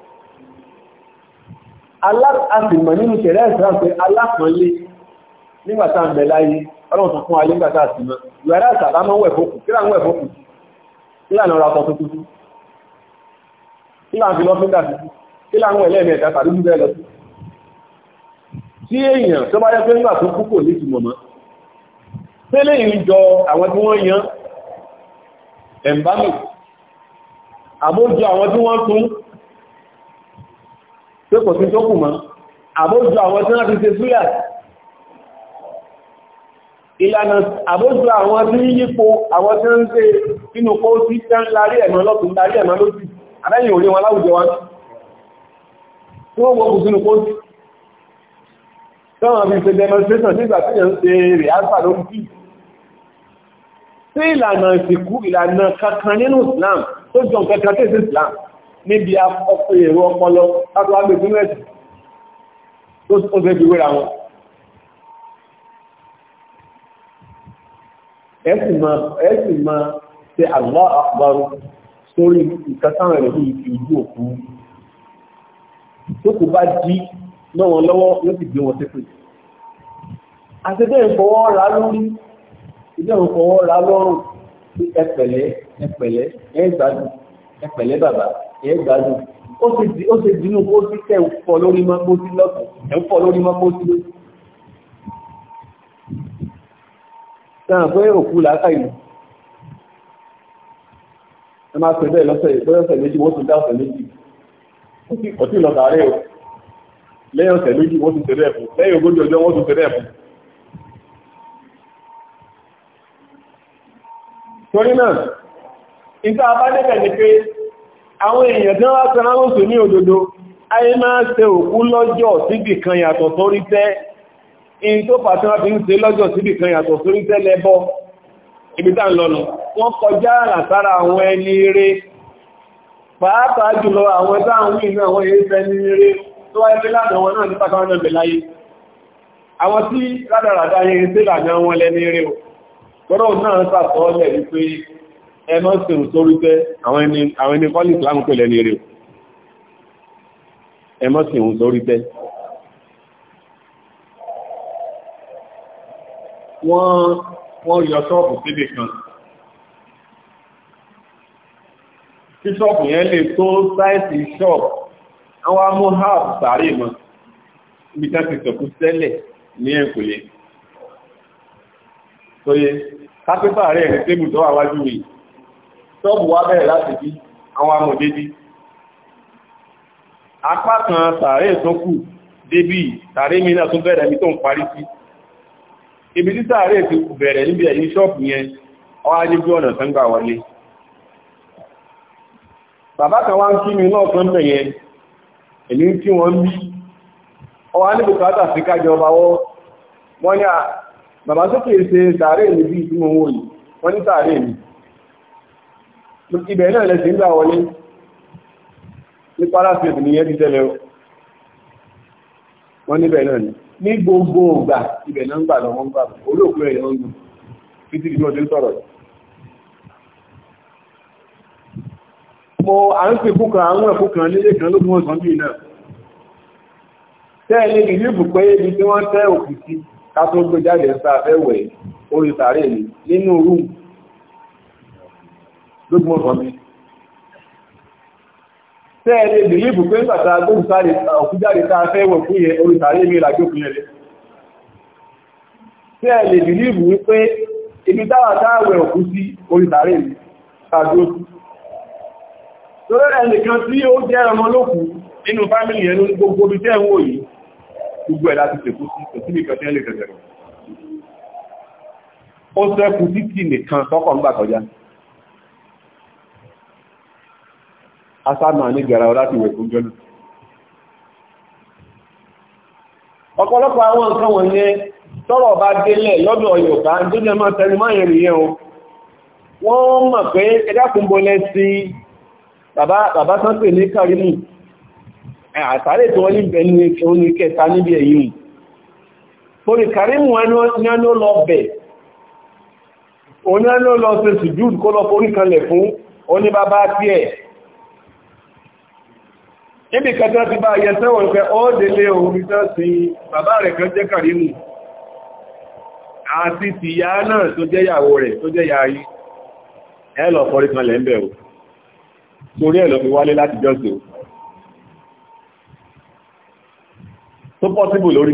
aláàfìmọ̀ nínú tẹ̀rẹ́ ìsìláàmù pé alápọ̀nlé nígbàtà ń bẹ láyé ọlọ́run tún fún ayé nígbàtà àtìmọ̀ ìwẹ̀rẹ́ àtàbámọ́ wẹ̀fókù kí láàrín wẹ̀fókù kí láàrín ọ̀rọ̀ ọkọ̀ tuntun kí láàrín fi lọ́fíńdà tuntun kí láàrín ẹlẹ́mẹ̀ẹ́ta tàbí jù bẹ́ẹ̀ lọ sí tí èèyàn tó bá yẹ pé nígbà tó kú kò ní ìtumọ̀ mọ́ tẹ́lẹ̀ yìí jọ àwọn tí wọ́n yan ẹ̀mbámì àbójọ àwọn tí wọ́n tún pé kò sí tó kù mọ́ àbójú àwọn tí wọ́n ti ṣe súyà ìlànà àbójú àwọn tí yípo àwọn tí ń ṣe nínú kó sí tẹ́ ń larí ẹ̀mọ́ lọ́tún darí ẹ̀mọ́ lójú àbẹ́yìn òrí wọn láwùjọ wa tí wọ́n gbogbo sínú kó sí tọ́wọ́n fi ṣe demonstration nígbà tí yẹn ń ṣe rìásà lórí níbi ọkọ̀ èrò ọpọlọ látọ̀ wá gbẹ̀gbẹ̀ mẹ́sì tó tó fẹ́ fi wéra wọn ẹ̀sì ma ṣe àgbà àpàrọ sórí ìkàtàwọn ẹ̀rọ ìfi ojú òkú tó kò bá jí náà wọn lọ́wọ́ yóò sì gbé wọn sí pé àṣẹ́gbẹ́ ìfọwọ́ ra lórí ilé ìfọwọ́ ra lọ́rùn ẹpẹ̀lẹ́ ẹpẹ̀lẹ́ ẹgbàdùn ẹpẹ̀lẹ́ bàbá ẹ̀ gbádùn ó ṣe dínú kó sí tẹ́ ń fọ́ lórí mọ́ kó sí lọ́kàn ẹ̀ ń fọ́ lórí mọ́ kó sí lórí. sáà pé òkú làákà ìlú ẹ máa pè bẹ́ẹ̀ lọ́sẹ̀ ìpẹ́lọ́sẹ̀ méjì wọ́n tún dá ọ̀sẹ̀ méjì ọtí lọ sàárẹ̀ o lẹ́yìn ọ̀sẹ̀ méjì wọ́n tún tẹ̀lé ẹ̀fún lẹ́yìn ogójì ọjọ́ wọ́n tún tẹ̀lé ẹ̀fún torí náà nǹkan abájẹ́kẹ̀ ni pé àwọn èèyàn tí wọ́n tẹ́rán lóṣù ní òdodo ayé máa ṣe òkú lọ́jọ́ síbì kan yàtọ̀ sórí tẹ́ in tó pàtí wọ́n fi ń ṣe lọ́jọ́ síbì kan yàtọ̀ sórí tẹ́ lẹ́bọ́ ibi tá ń lọ́nà wọ́n kọjá àlàsára àwọn ẹni eré pàápàá jùlọ àwọn táwọn wí náà wọ́n yẹ́ ẹni àwọn tí ẹmọ́ sẹ̀rù tó rí pé àwọn ẹni kọ́lì ìsìlámù pẹ̀lẹ̀ ní eré ẹmọ́ sẹ̀rù tó rí pé wọ́n yọ sọ́ọ̀pù síbì kan tí sọ́ọ̀pù yẹn lè tó sáìsì sọ́ọ̀pù àwọn amú hàb sàárè mọ́ ibi tá ti sọ̀kú sẹ́lẹ̀ ní ẹ̀kùlé tóyé kápẹ́tà rẹ̀ ní tébù tó wà yìí sọpụ wa bẹ̀rẹ̀ láti bí àwọn amòdé bí apá kan sàárè tó débì náà tún bẹ̀rẹ̀ ní tó ń parí sí ibi tí ti bẹ̀rẹ̀ níbi ẹ̀yìn yẹn ọ̀nà tán gbà wọlé bàbá kan wá ń kí mi náà wọ́n bí sí kájọ ọba wọ́ wọ́n ní bàbá sókè wọ́n ní ibẹ̀ náà lẹ́sẹ̀ ń gbà wọlé ní paraffin nìyẹn ti tẹ́lẹ̀ wọ́n níbẹ̀ náà ni ní gbogbo ìgbà ibẹ̀ náà ń gbà lọ́wọ́ ń gbà olóòkú ẹ̀yọ́ ń gùn títí bí wọ́n ti ń sọ̀rọ̀ mo à ń pè fúnkan àwọn ẹ̀kú kan nílé kan lókun ọ̀sán bíi náà tẹ́ẹ̀lẹ́ ìlú ìbùpẹ́ ibi tí wọ́n tẹ́ òkú sí ká tó gbé jáde sáfẹ́wẹ̀ orí sàárè nínú rúùmù lógún ọ̀sán mi. Tẹ́ ẹ lè bìlíìfù pé nígbàtà gbóhùnsáre ọ̀kújáde tá a fẹ́ wọ̀ fún yẹn orí tààrí mi ìràjókùn yẹn lẹ. Tẹ́ ẹ lè bìlíìfù wípé ibi táwà táàwẹ̀ òkú sí orí tààrí mi tààdó. Torí ẹnìkan tí ó jẹ́ ọmọ lókù nínú fámìlì yẹn lórí gbogbo ibi tẹ́ ń wò yìí, gbogbo ẹ̀ láti ṣèkú sí òsì nìkan tẹ́ lè tẹ̀sẹ̀ rẹ̀. Ó sẹ́kù títì nìkan tọ́kọ̀ ń gbà kọjá. asáàmà ní gẹ̀rà láti wẹ̀ fún jọ́nà ọ̀pọ̀lọpọ̀ àwọn nǹkan wọ̀nyẹn tọ́rọ̀ bá délẹ̀ lọ́dọ̀ Yorùbá tó jẹ́ máa tẹnu máyẹ̀ rèé o wọ́n mọ̀ pé ẹdákùnbọlẹ̀ sí bàbá sáńpè ní Kàrímù àtàrẹ tó wọ́n níbẹ̀ ní oní ni níbi ẹ̀yìn torí Kàrímù ẹni ó lọ bẹ̀ oní ẹni ó lọ ẹ̀ níbi kẹta ti bá ayẹ sẹ́wọ̀n pé ó délé ohun ìtọ́ sí bàbá rẹ̀ kan jẹ́ kàrímù àti tìyá náà tó jẹ́ yàwó rẹ̀ tó jẹ́ yàáyí ẹlọ fọ́rí kan lẹ́ ń bẹ̀ o torí ẹ̀lọ fi wálé láti jọ́sẹ̀ o tó pọ́síbò lórí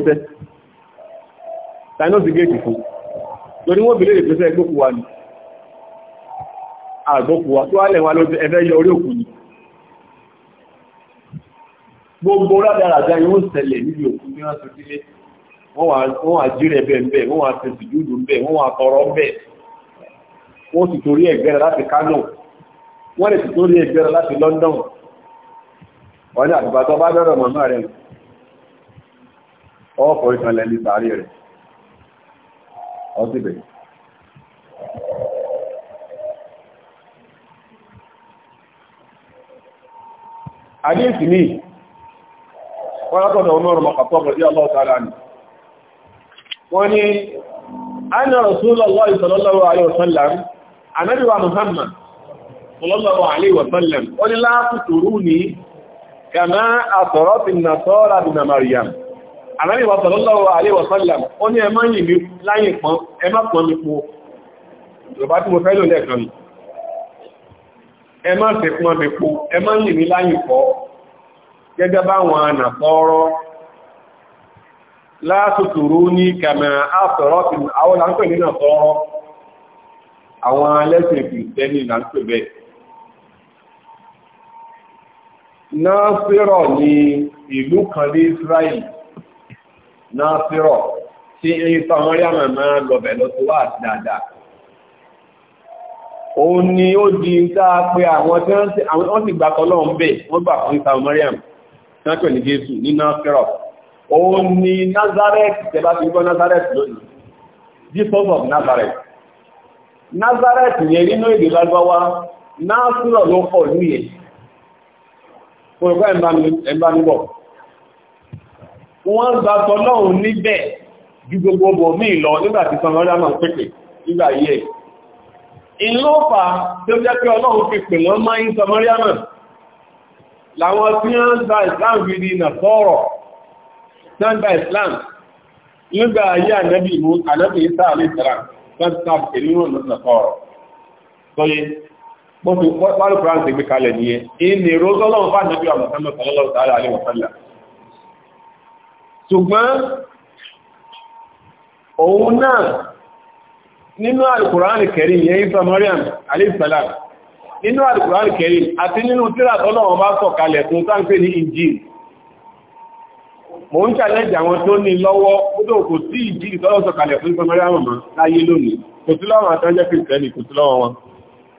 gbogbo rádáradá yóò ṣẹlẹ̀ níbi òkú tí wọ́n ti sílé wọ́n wà jírẹ̀ bẹ́ẹ̀ bẹ́ẹ̀ wọ́n wà ti sùjúdù bẹ́ẹ̀ wọ́n wà tọrọ bẹ́ẹ̀ wọ́n sì torí ẹ̀gbẹ́rẹ̀ láti Kano wọ́n lè sì torí ẹ̀gbẹ́rẹ̀ láti London wọ́n ní àtìbàtọ́ bá bẹ̀rẹ̀ màmá rẹ̀ ọ̀pọ̀ ìtànlẹ̀ ní sàárì rẹ̀ ọ̀síbẹ̀ àdíyèsí ní wọ́n látọ̀dọ̀ Umar ibn Khattab radiyallahu ta'ala anhu wọ́n ní anna Rasulullah sallallahu alaihi wasallam Ànábì wa Muhammad sallallahu alaihi wasallam wọ́n ní la tuturuni kama atrat an-nasara ibn Maryam Ànábì wa sallallahu alaihi wasallam wọ́n ní ẹ má yìn mí láyìn ẹ má pọ́n mi po láyìn pọ́ gẹ́gẹ́ báwọn ànàtọ́rọ́ látùtùrú ní kàmà àtọ̀rọ̀ tí àwọn láńpẹ̀ nínà tọ́rọ́ àwọn alẹ́sìn kìrìtẹ́nì láńpẹ̀ bẹ́ẹ̀ náàfírọ̀ ni ìlú kan ní Israel náàfírọ̀ tí ìta mọ́ríàmà máa lọ tó wà dáadáa òun ni ó di ń tá a pé àwọn tí wọ́n gbàtọ́ lọ́wọ́ ń wọ́n gbà fún tánpẹ̀ ní Jésù ní Nazareth ó ní Nazareth tẹ́lá ti gbọ́ Nazareth lónìí Jesus of Nazareth Nazareth yẹn nínú èdè lágbáwá náàsùlọ̀ ló pọ̀ ní ẹ̀ fún ẹgbẹ́ ẹ̀mbánibọ̀ wọ́n gbà tọ́lọ́run níbẹ̀ ju gbogbo ọmọ mí lọ nígbàtí sanwó-dámà pẹ̀pẹ̀ nígbà yìí ẹ̀ ìlọ́pàá tí ó jẹ́ pé ọlọ́run fi pè lọ́mọ́ làwọn tí wọ́n gba islam fi di nà sọ́rọ̀ tán gba islam nígbà ayé ànábì mú ànábì isa alẹ́sàrà tán ti sáà pẹ̀lú ìrìn nà sọ́rọ̀ sọ́yé pọ́lù france gbé kalẹ̀ ní ẹ ìní rọ́sọ́lọ́wọ́ fà nàbí àmọ̀sánmọ̀ sọ́lọ́lọ́wọ́ tààrà ṣùgbọ́n òun náà nínú Al-Qur'an yẹn isa Maryam alayhi nínú Al-Qur'an Karim àti nínú tírà tọ́lọ́wọ́ bá sọ kalẹ̀ fún sáńpé ní Injil mo ń challenge àwọn tó ní lọ́wọ́ kódò kò sí Injil tọ́lọ́ sọ kalẹ̀ fún ìfẹ́mọ́rí àwọn ọmọ láyé lónìí kò sí lọ́wọ́ àti ọjọ́ kìrìtẹ́nì kò sí lọ́wọ́ wọn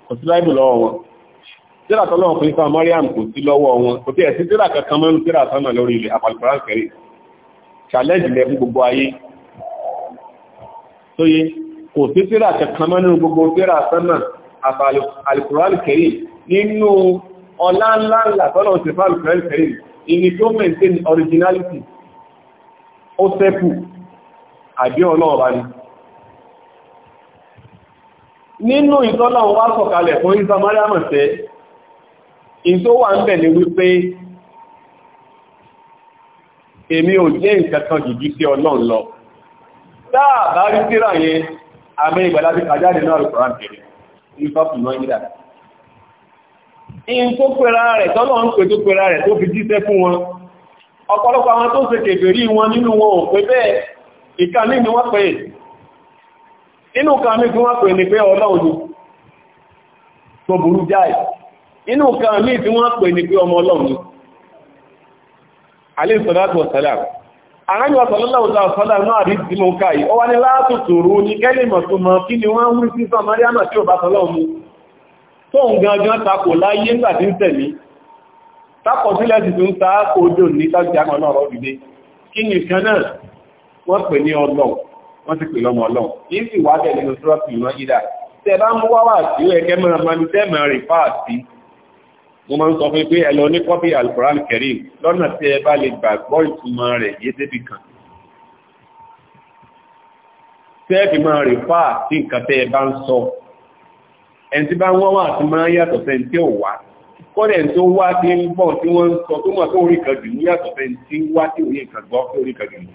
kò sí láìbù lọ́wọ́ wọn tírà challenge lẹ fún gbogbo ayé tó yé kò sí tírà kankan mẹ́rin gbogbo àfàlùkùránì kẹrì nínú ọláńláńlá tọ́nà ti fàlùkùránì kẹrì ìní tó maintain originality ó sẹ́kù àbí ọlọ́ọ̀bá ni nínú ìtọ́nà wá sọ̀kalẹ̀ fún ìsọ mọ́lámọ̀sẹ́ ìtó wà ń bẹ̀ ní wípé èmi ò jẹ́ ìkẹtàn jìgí sí ọlọ́run lọ táà bá rí síra yẹn àmì ìgbàlábí kàjáde náà rùkùnrán kiri ìfọ́pù mọ́jìdá in tó pẹ̀lá rẹ̀ tọ́lọ̀ ń pè tó pẹ̀lá rẹ̀ tó fi jíṣẹ́ fún wọn ọ̀pọ̀lọpọ̀ àwọn tó ṣe wọn nínú wọn ò pé bẹ́ẹ̀ ìkàmí ni wọ́n inú kàmí tí wọ́n pè ní pé ní ọlọ́run àrẹ́mì ọ̀sọ̀lọ́lọ́wọ́sọ̀ ọ̀sọ́lá náà rí tí mo káyì ó wá ní látòtòrò ní kẹ́lìmọ̀ tó mọ̀ kí ni wọ́n ń rí sí sọ mariama tí ó bá sọ́lọ́ mú tó ń gangan takò láyé ńgbà tí ń tẹ̀lé takọ̀ sílẹ̀ ti tún ta kò dò ní sáàkì àmọ́ náà ni kan náà wọ́n mo máa ń sọ fún pé ẹ lọ ní kọ́pì alukoran kẹrin lọ́nà tí ẹ bá lè gbàgbọ́ ìtumọ̀ rẹ̀ yé débi kan tẹ́ẹ̀fì máa rí fáà tí nǹkan tẹ́ ẹ bá ń sọ ẹni tí bá wọ́n wà tí máa yàtọ̀ sẹ́ni tí ò wá kọ́lẹ̀ tó wá tí ń bọ̀ tí wọ́n ń sọ tó mọ̀ tó orí kan ní yàtọ̀ sẹ́ni tí wá tí orí kan gbọ́ orí kan ní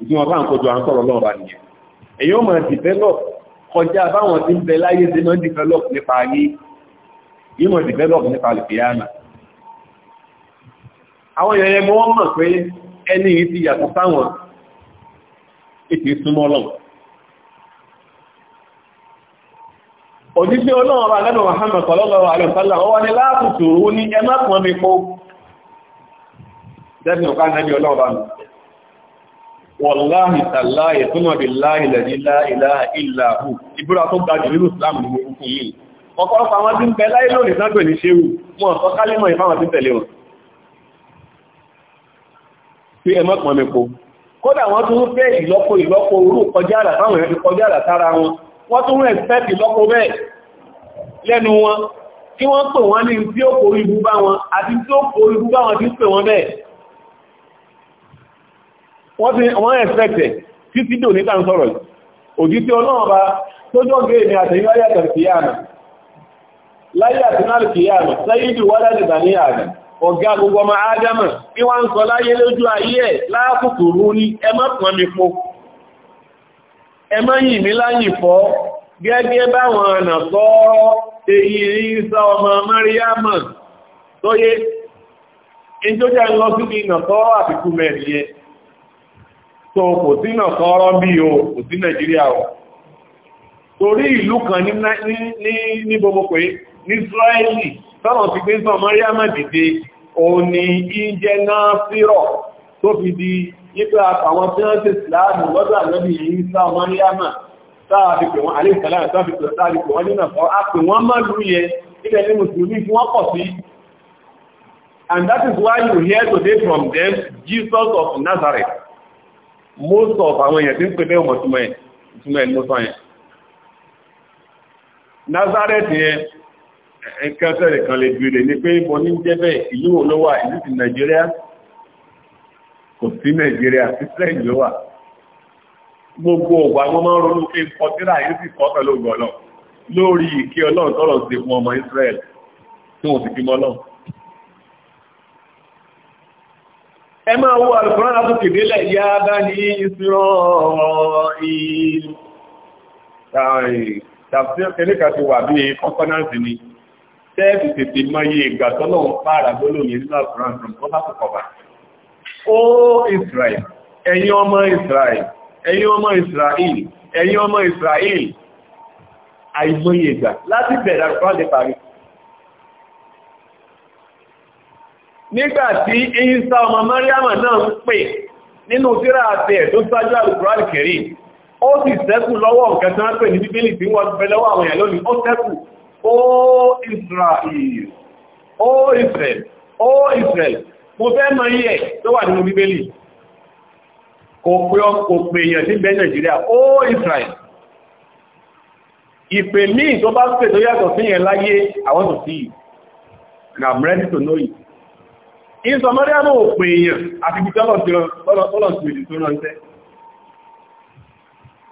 ìdí wọn bá ń kojú à sọ̀rọ̀ lọ́wọ́ bá nìyẹn èyí máa develop kọjá báwọn tí ń bẹ láyé tí máa ń develop nípa ayé yíò develop nípa alìfìyàmà àwọn èèyàn ẹgbẹ́ wọ́n mọ̀ pé ẹni yìí ti yàtọ̀ sáwọn ètì súnmọ́ lọ́wọ́ òjíṣẹ́ ọlọ́run ọba lẹ́nu Muhammad sallallahu alaihi wasallam ó wá ní láàtùtù rú ní ẹmá kan mi kó jẹ́bìn ọ̀ká nẹ́bí ọlọ́run ọba túnmọ̀ bí láìlẹ̀ nílá ìlà ìlà ìbúra tó gbájú nínú Islam ní orúkú yìí ọ̀pọ̀lọpọ̀ àwọn tí ń bẹ láyé lónìí tán pè ní ṣéwù wọn sọ kálímọ̀ ìfáwọn tí tẹ̀lé wọn pé ẹmọ́ pọ̀ mẹ́po kódà wọ́n tún fẹ́ ìlọ́po ìlọ́po orú kọjá àrà táwọn èèyàn ti kọjá àrà sára wọn wọ́n tún rẹ̀ fẹ́ ìlọ́po bẹ́ẹ̀ lẹ́nu wọn tí wọ́n pè wọ́n ní tí ó kórí ibú bá wọn àti tí ó kórí ibú bá wọn tí ń pè wọ́n bẹ́ẹ̀ wọ́n ti wọ́n ẹ̀fẹ́kẹ̀ títí dò ní tàn sọ̀rọ̀ òjì tí ọlọ́run tó jọ́ gẹ́ ìrìn àtẹ̀yìn láyé àtẹ̀yìn àmì láyé àtúnárì kìíyàmù sáyídù wádàdì bàní ọ̀gá gbogbo ọmọ ádámà bí wọ́n ń sọ láyé lójú ayé ẹ̀ láàkùkù rú ní ẹmọ́ pọn mi po ẹmọ́ yìí mi láyìn gẹ́gẹ́ báwọn ọ̀nà torí ìlú kan ní gbogbogbò ní Israeli tọ́nà ti gbé sọ Mariama dìde òní ìjẹ náà sírọ̀ tó fi di yípa àwọn tí wọ́n ti sìláàmù lọ́dọ̀ àjọ́bì yìí sá Mariama sáàbì pè wọ́n alẹ́sàlá sáàbì pè wọ́n nínà fọ́ a pè wọ́n má lú yẹ ilẹ̀ ní mùsùlùmí tí wọ́n pọ̀ sí and that is why you hear today from them Jesus of Nazareth most of àwọn èèyàn tí ń pè bẹ́ẹ̀ mọ̀túnmọ̀ ẹ̀ mọ̀túnmọ̀ ẹ̀ nazareth yẹn ẹ̀kẹ́sẹ̀rẹ̀ kan lè gbèrè ní pé mo ní jẹ́bẹ̀ ìlú wo ló wà ìlú ti nàìjíríà kò sí nàìjíríà israel ló wà gbogbo ọgbà wọn máa ń ronú pé kọtíra yìí sì kọ́ pẹ̀lú ọgbọ̀nà lórí ìkí ọlọ́run tọ́lọ̀ sí fún ọmọ israel tí wọ́n sì fi mọ́ náà ẹ máa wo alùpùpù látòkè délẹ̀ yá bá ní ìṣúná ìlú kẹ́lẹ́kà ti wà bí kọ́kọ́náǹsì ni tẹ́ẹ̀fì tètè mọ́yé ìgbà tọ́lọ̀ ń pààrà gbólóhùn ìlú àkùrán from kọ́sákù kọ̀bà ó Israel ẹ̀yin ọmọ Israel ẹ̀yin ọmọ Israel ẹ̀yin ọmọ Israel àìmọye ìgbà láti bẹ̀rẹ̀ àkùrán lè parí nígbà tí Ìsá ọmọ Màríàmà náà ń pè nínú tírà àti ẹ̀ tó sájú àkùrán kẹrin ó sì sẹ́kù lọ́wọ́ nǹkan tí ní bíbélì tí wọ́n bẹ lọ́wọ́ àwọn èèyàn ó sẹ́kù ó Israel ó Israel ó Israel mo fẹ́ mọ iye tó wà nínú kò Israel ìpè tó bá pè tó yàtọ̀ sí yẹn láyé àwọn tó sí I'm ready to know you in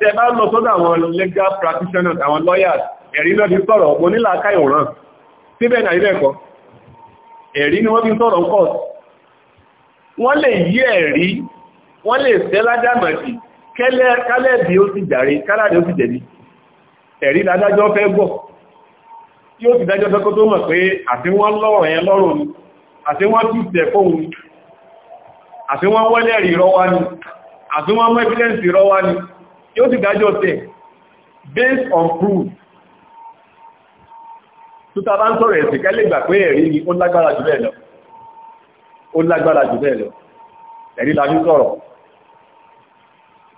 tẹ bá lọ sọ́dọ̀ àwọn legal practitioners àwọn lawyers ẹ̀rí náà fi sọ̀rọ̀ mo nílà aká ìwòrán síbẹ̀ náà ilẹ̀ ẹ̀kọ́ ẹ̀rí ni wọ́n fi sọ̀rọ̀ court wọ́n lè yí ẹ̀rí wọ́n lè tẹ́ lájàmàtì kálẹ̀bí ó ti jàre kálàdé ó ti jẹ̀bi ẹ̀rí ládájọ́ fẹ́ gbọ́ tí ó ti dájọ́ fẹ́kọ́ tó mọ̀ pé àti wọ́n lọ́rọ̀ ẹ̀ lọ́rùn ni àti wọ́n tún tẹ̀ fóun ni àti wọ́n wọ́lẹ̀rí rọwá ni àti wọ́n mọ́ evidence rọwá ni yóò sì dájọ́ tẹ̀ based on proof tó ta bá ń sọ̀rọ̀ ẹ̀sìn kẹ́lẹ̀ gbà pé ẹ̀rí ni ó lágbára jù bẹ́ẹ̀ lọ ó lágbára jù bẹ́ẹ̀ lọ ẹ̀rí la fi sọ̀rọ̀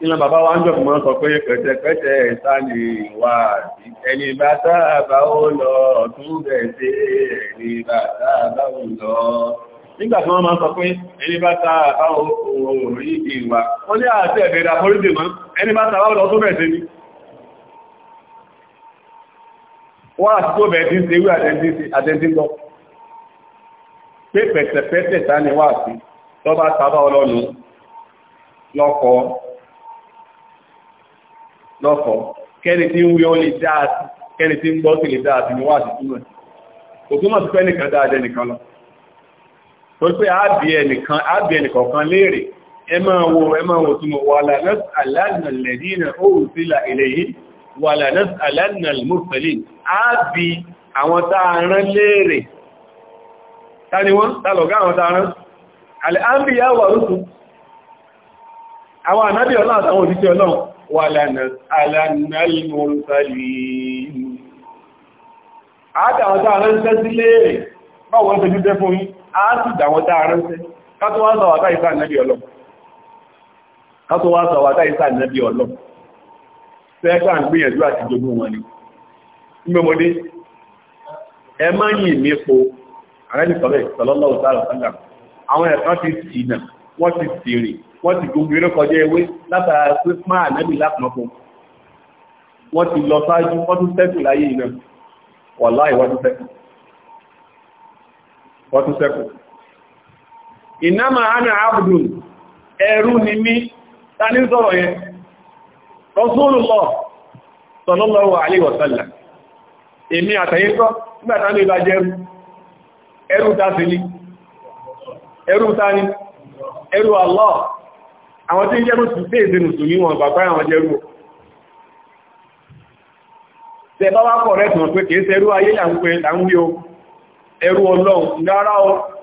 ìlànà bàbá wa ń jọ fún mọ́ sọ pé pẹ̀tẹ̀pẹ̀tẹ̀ ẹ̀sá wà sí ẹni bá sáàbà ó lọ ọ̀tún bẹ̀ sí ẹni bá sáàbà ó lọ nígbà tí wọ́n máa sọ pé ẹni bá ta àbáwọn orí ìwà wọ́n ní àti ẹ̀bẹ̀rẹ̀ àforíjì ẹni bá ta kẹ́ni tí ń wí ó lè dáa kẹ́ni tí ń gbọ́ sí lè dáa sí ni wà sí túnmọ̀ kò sí pẹ́ nìkan dáa nìkan lọ torí pé àbí ẹnìkọ̀ọ̀kan léèrè ẹ máa wo ẹ máa wo túnmọ̀ wà lánàs alánàlẹ̀dínà oòrùn sílà ilẹ̀yìn wà lánàs alánàlmùsẹ̀lì àbí àwọn tààrán léèrè tani wọ́n tàlọ̀gá àwọn tààrán alẹ́àbí yà wà a sì dàwọn tá a ránṣẹ́ ká tó wá sọ̀wọ́ táìsà nẹ́bí ọlọ́m ká tó wá sọ̀wọ́ táìsà nẹ́bí ọlọ́m fẹ́ẹ́kà ń gbìyànjú àti jogún wọn ni mímọ́dé ẹ má yìn ta'ala sallam àwọn ẹ̀kan ti tìnà wọ́n ti tìrì wọ́n ti gbogbo eré kọjá ewé látara pé máa nẹ́bí lápapọ̀ wọ́n ti lọ sáájú wọ́n tún sẹ́kù láyé iná wàláì wọ́n tún sẹ́kù wọ́n tún sẹ́kù ìnáma ana abdul ẹ̀rú ni mí ta ní sọ̀rọ̀ yẹn Rasulullah sallallahu alaihi èmi nígbàtà ní ìbá jẹ́ ta sí ní ta ní àwọn tí wá rẹ̀ tàn pé kìí ayé Eru ọlọ́run dára ọ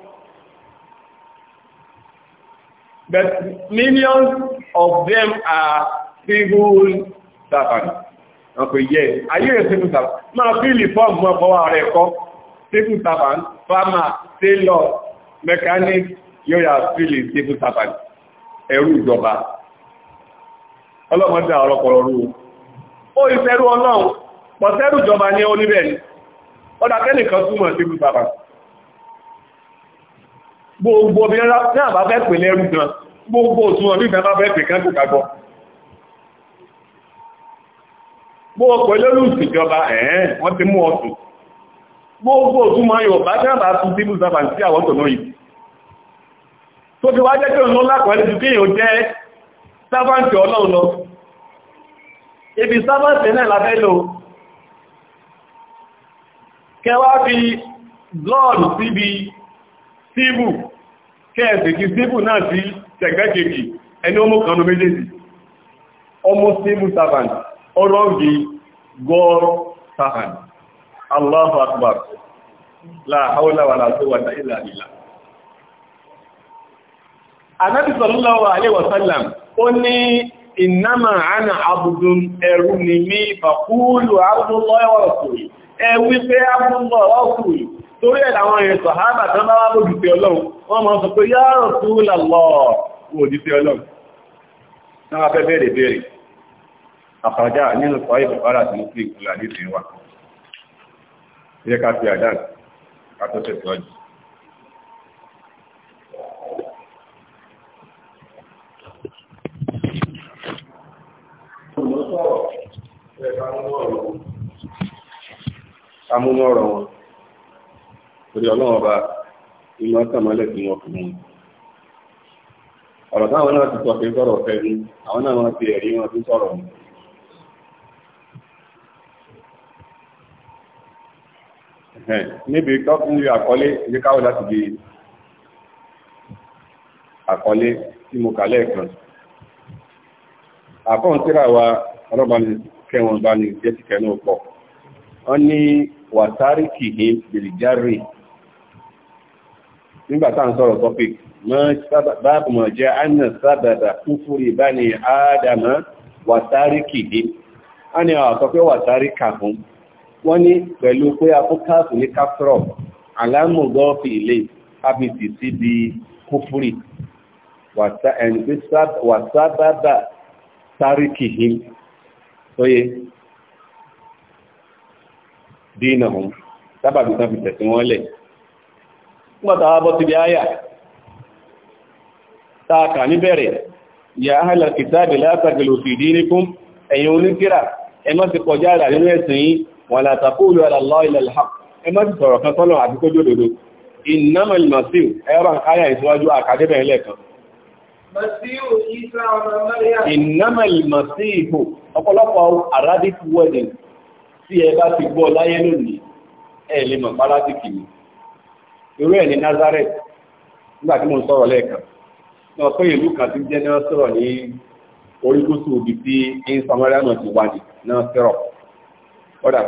but millions of them are civil servants yes are you a civil servant máa fíìlì fọ́ọ̀mù ọkọ̀wà rẹ̀ kọ́ civil servant farmer tailor mechanic yóò yà fíìlì civil servant ẹrú ìjọba ọlọ́mọdé àwọn ọlọ́pọ̀lọ́rú ó ìfẹ́rú ọlọ́run pọ̀sẹ́rù ìjọba ní oníbẹ̀ẹ́ ọdá kẹ́nìkan túmọ̀ sí bàbá gbogbo bí náà bá fẹ́ pè lẹ́rú gan gbogbo òtúnwọ̀ bí ìgbà bá fẹ́ pè kán kò kàgbọ́ gbogbo pẹ̀lú ìjọba ẹ̀ẹ́ wọ́n ti mú ọ̀tún gbogbo òtúnmọ̀ yóò bá náà bá tún síbù sábà sí àwọn tọ̀nà yìí tó ti wá jẹ́ kí òun lápẹ̀ẹ́lẹ́ ju kí èèyàn jẹ́ sábàǹtì ọlọ́run lọ ibi sábàǹtì náà la fẹ́ lò kẹwàá fi blood síbi síbù kẹ́ẹ̀sì kí síbù náà sí tẹ̀gbẹ́kẹ̀kì ẹni ọmọ kanú méjèèjì ọmọ civil servant ọlọ́gì god servant Allahu akbar la hawla wala quwwata illa billah Ànábì sallallahu alaihi wasallam ó ní innama ana abdun ẹrú ni mí faqulu abdullahi wa rasuluhu ẹ wípé ápùnbọ̀ ọkùnrin torí ẹ̀ àwọn èèyàn sọ̀hábà tán bá wá bójú sí ọlọ́run wọ́n mọ́ sọ pé yọ́rọ̀ tó lọ́lọ́ òjì sí ọlọ́run náà wá fẹ́ bẹ̀rẹ̀ bẹ̀rẹ̀ àfàjá nínú sọ ìbùkọ́lá tí mo fi ìkùnlá ní ìsìn wa ilé ká fi àdán ká tó tẹ̀síwájú Thank you. amúnú ọ̀rọ̀ wọn torí ọlọ́run ọba ìmọ̀ sàmọ́lẹ̀ tí wọ́n fún un ọ̀rọ̀ táwọn náà ti sọ pé sọ̀rọ̀ ọ̀fẹ́ ní àwọn náà wọ́n ti ẹ̀rí wọn tún sọ̀rọ̀ wọn níbi tọ́kùn yóò àkọlé ìdí káwọ́ láti di àkọlé tí mo kà lẹ́ẹ̀kan wa ni kẹwọn bá ní pọ̀ wọ́n ní wàtárìkìhìn bìrìjárì nígbàtà ń sọ̀rọ̀ topic báàbù mọ̀ jẹ́ anà sábàbà kúfúrì bá ní àádàmà wàtárìkìhìn a ní àwọn àkọ́kọ́ wàtárìkà fún wọ́n ní pẹ̀lú pé akókàtù ní captrop alámùgọ́ọ̀fì ilé abc sí di kúfúrì wàtárìkìhìn dínà hùn sábàbí tán fi tẹ̀sí wọn lẹ̀ nígbàtà wá bọ́ ti bí áyà tààkà níbẹ̀rẹ̀ ya ahàlà kìtàbì látàgbèlò fi dínikum ẹ̀yin oníkíra ẹ má ti kọjá àrà nínú ẹ̀sìn yìí wà látàkùlù àlàlọ́ ilẹ̀ haq ẹ má ti sọ̀rọ̀ kan tọ́lọ̀ àti kójó dodo innamal masih ẹ̀rọ àkáyà ọ̀pọ̀lọpọ̀ arabic wedding tí ẹ bá ti gbọ́ láyé lónìí ẹ lè mọ̀ pálásìkì ni irú ẹ̀ ní Nazareth nígbà tí mo ń sọ̀rọ̀ lẹ́ẹ̀kan ní ọ̀pẹ́ ìlú kan tí jẹ́ náà sọ̀rọ̀ ní orígúsù òbí tí ń samaria náà ti wà ní náà sọ̀rọ̀ ọ̀dà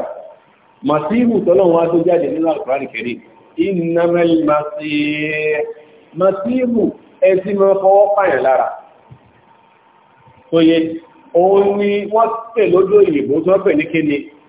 màsíhù tọ́lọ́run wá tó jáde nínú àkùrán kẹrin ìnàmẹ́lì màsíhù ẹ ti máa fọwọ́ pààyàn lára tó òun ni wọ́n pè lójú òyìnbó tó pè ní kéde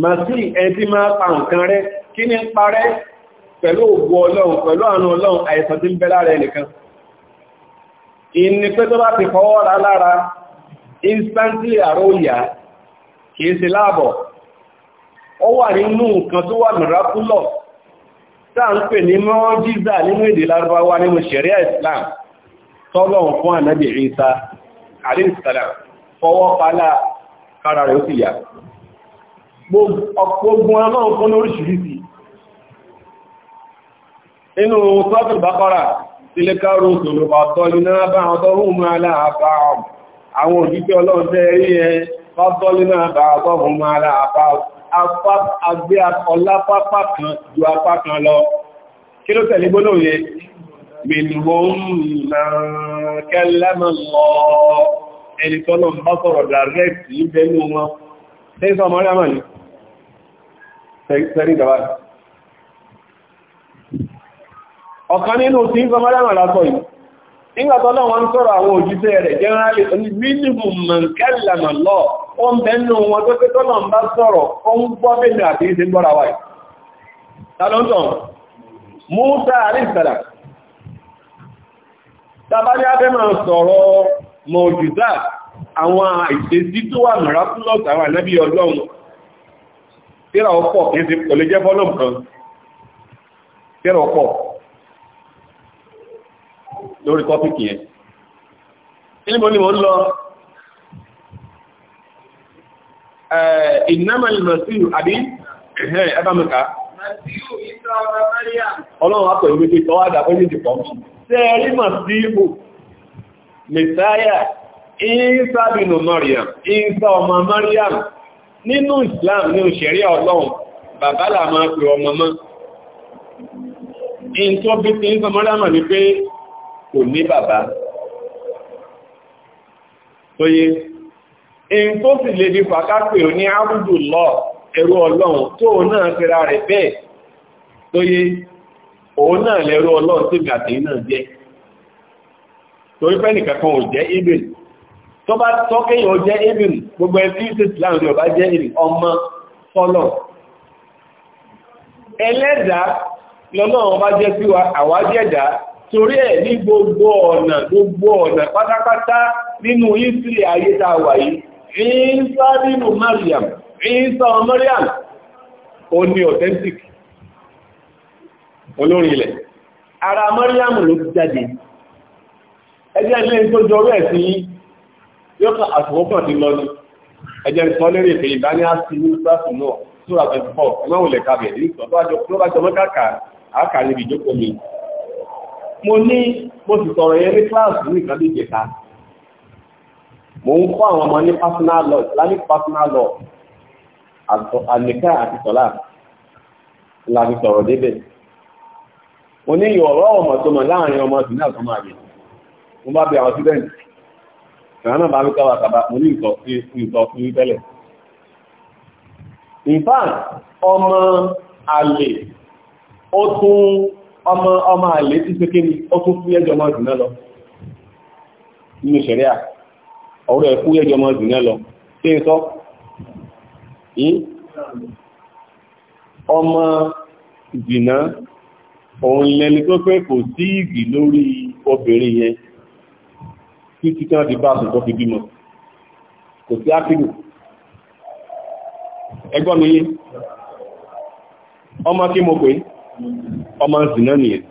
màsí ẹbí máa pa nǹkan rẹ kí ní parẹ́ pẹ̀lú ògbò ọlọ́run pẹ̀lú àánú ọlọ́run àìsàn tí ń bẹ lára ẹnìkan ìní pé tó bá ti fọwọ́ ra lára instantly àrò ìyá kìí ṣe láàbọ̀ ó wà nínú nǹkan tó wà mìíràkúlọ̀ tá ń pè ní mọ́jíza nínú èdè lárúbáwá nínú ṣẹ̀ríà Islam tọ́lọ̀un fún ànábì Ìsá alayhi salam fọwọ́ pálá kára rẹ̀ ó sì yà ogun ọlọ́run fún oríṣìíríṣìí inú sọ́tù bákọ́rà sílé káró òṣèlú ọ̀tọ́ iná bá ọdọ́rùn mú aláàbá àwọn òjíṣẹ́ ọlọ́run tẹ́ rí ẹ fọ́tọ́lú náà bá ọdọ́rùn mú aláàbá agbé ọlápápá kan ju apá kan lọ kí ló tẹ̀lé gbóná yẹ mìíràn náà kẹ́lẹ́mọ̀ lọ ẹni tọ́lọ̀ ń bá sọ̀rọ̀ dàrẹ́ẹ̀tì ń bẹ́nu wọn sẹ́rí gaba ọ̀kan nínú tí ń sọmọ́dá màlátọ̀ yìí nígbàtọ́ náà wọ́n sọ̀rọ̀ àwọn òjíṣẹ́ rẹ̀ generally ní mínimù mọ̀kẹ́lẹ̀mà lọ ó ń bẹ nínú wọn tó tẹ́tọ́ náà bá sọ̀rọ̀ ó ń gbọ́ bẹ́ẹ̀ àti ìṣẹ́ gbọ́ra wáyé tàlọ́ntàn Múta àríṣàdà tàbárí abẹ́ máa sọ̀rọ̀ mọ̀jùdá àwọn ìṣesí tó wà mìíràn tíra ọ̀pọ̀ kìí sí kò lè jẹ́ fọ́lọ́m kan tíra ọ̀pọ̀ lórí tọ́pìkì yẹn ilmọ̀ ni mo ń lọ eh, innamal masihu àbí ẹbámẹ́ka ọlọ́run àpọ̀ ìwé tí tọ́wọ́ àdá fẹ́ méjì pọ̀ sẹ́ẹ̀rí masihu mẹ́sáyà ìsábìnù Maryam ìsá ọmọ Maryam nínú Islam ní òṣèré ọlọ́run bàbá là máa pè ọmọ mọ́ in tó bí ti ń sọmọ́ lámà ní pé kò ní bàbá tó yé in tó sì lè bí fàkápè ò ní ábùdù lọ ẹrú ọlọ́run tó náà fẹ́ra rẹ̀ bẹ́ẹ̀ tó yé òun náà lẹ́rú ọlọ́run tó gàtẹ̀ náà jẹ́ torí nìkankan ò jẹ́ ibèlì tó bá tọ́kẹ́yàn jẹ́ ìbìn gbogbo ẹbí islam ni ọba jẹ́ ìbìn ọmọ sọ́lọ̀ ẹlẹ́dà lọ́nà ọba jẹ́ sí wa àwájẹ́dà torí ẹ̀ ní gbogbo ọ̀nà gbogbo ọ̀nà pátápátá nínú ìsìlẹ̀ ayé wà yìí nínú Mariam ìsá Mariam ó ní authentic olórin ilẹ̀ ara Mariam ló jáde ẹgbẹ́ ilé tó jọ rẹ̀ sí yìí yóò tún àtúwọ́pọ̀ ti lọ ní ẹjẹ́ ìsọ lérí ètò ìdáni àti ní sáfù náà tó rà tẹ̀sí pọ̀ ọmọ òun lè kabẹ̀ ní ìsọ tó àjọ tó bá jọmọ kàkà àkà níbi ìjókòó mi. mo ní mo sì sọ̀rọ̀ yẹn ní kíláàsì ní ìkàdé ìjẹta mo ń kọ́ àwọn ọmọ ní personal law islamic personal law àníkà àti sọ́lá tó mọ̀ láàrin ọmọ sí tó máa bẹ̀ mo bá bẹ àwọn síbẹ̀ ìwọ̀n náà bá ló káwà tàbá mo ní nǹkan fún tẹ́lẹ̀ in fact ọmọ àlè ó tún ọmọ ọmọ àlè tí pé kéni ó tún fún ẹjọ ọmọ ìdùnnà lọ nínú ìṣẹ̀rẹ́ à ọ̀rọ̀ ẹ̀ fún ẹjọ ọmọ ìdùnnà lọ tí ń sọ ọmọ ìdùnnà òun lẹni tó pé kò sí ìgì lórí obìnrin yẹn títí tí wọ́n fi bá sùn tó fi bímọ kò sí ápìlù ẹgbọ́n mi yé ọmọ kí mo pè ọmọ zìnà nìyẹn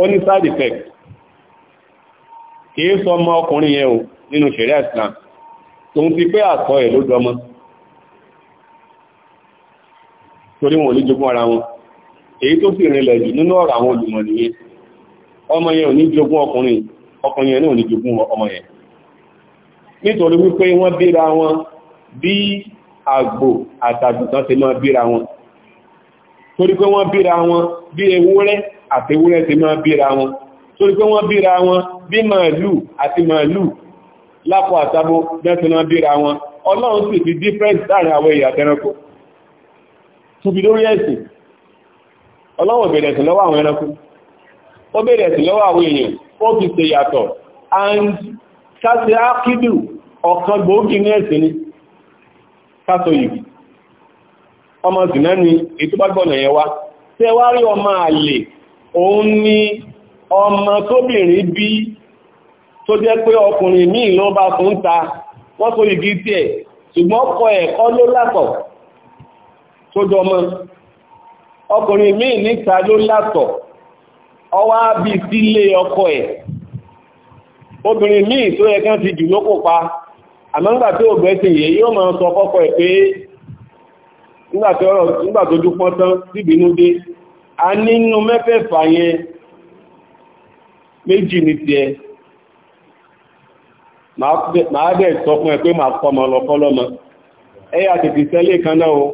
ó ní side effect kìí sọ ọmọ ọkùnrin yẹn o nínú ṣẹ̀ríà Islam tó ń fi pé àtọ̀ ẹ̀ ló dọmọ torí wọn ò ní jogún ara wọn èyí tó sì rìnlẹ̀ jù nínú ọ̀rọ̀ àwọn olùmọ̀ nìyẹn ọmọ yẹn ò ní jogún ọkùnrin ọkùnrin yẹn náà ní jogún ọmọ yẹn nítorí wípé wọ́n bíra wọn bí àgbò àtàgùntàn ti máa bíra wọn torí pé wọ́n bíra wọn bí ewúrẹ́ àti ewúrẹ́ ti máa bíra wọn torí pé wọ́n bíra wọn bí màálù àti màálù lápò àtàbò dẹ́tì máa bíra wọn ọlọ́run sì fi difference láàrin ó fi ṣe yàtọ̀ and káṣe ákídù ọ̀kan gbòógì ní ẹ̀sìn ni káṣọ yìí ọmọ ìsìnà ni ètò bá gbọ́nà yẹn wá tẹ wá rí ọmọ àlè òun ni ọmọ tóbìnrin bí tó jẹ́ pé ọkùnrin míì ló bá fún ta wọ́n so igi tiẹ̀ ṣùgbọ́n ọkọ ẹ̀kọ́ ló látọ̀ tó jọmọ ọkùnrin míì níta ló látọ̀ ọwá bí sílé ọkọ ẹ̀ obìnrin míì tó yẹ kán ti jù lókò pa àmọ́ngbà tí ò gbẹ́sìn yẹ yóò máa sọ fọ́kọ ẹ̀ pé nígbà tó dúpọ́ tán síbínú dé a nínú mẹ́fẹ̀ẹ̀fà yẹn méjì ní tiẹ̀ máa dẹ̀ sọ fún ẹ pé máa fọmọ lọ́fọ́lọ́mọ ẹ̀yà tètè sẹ́lẹ̀ kan náà o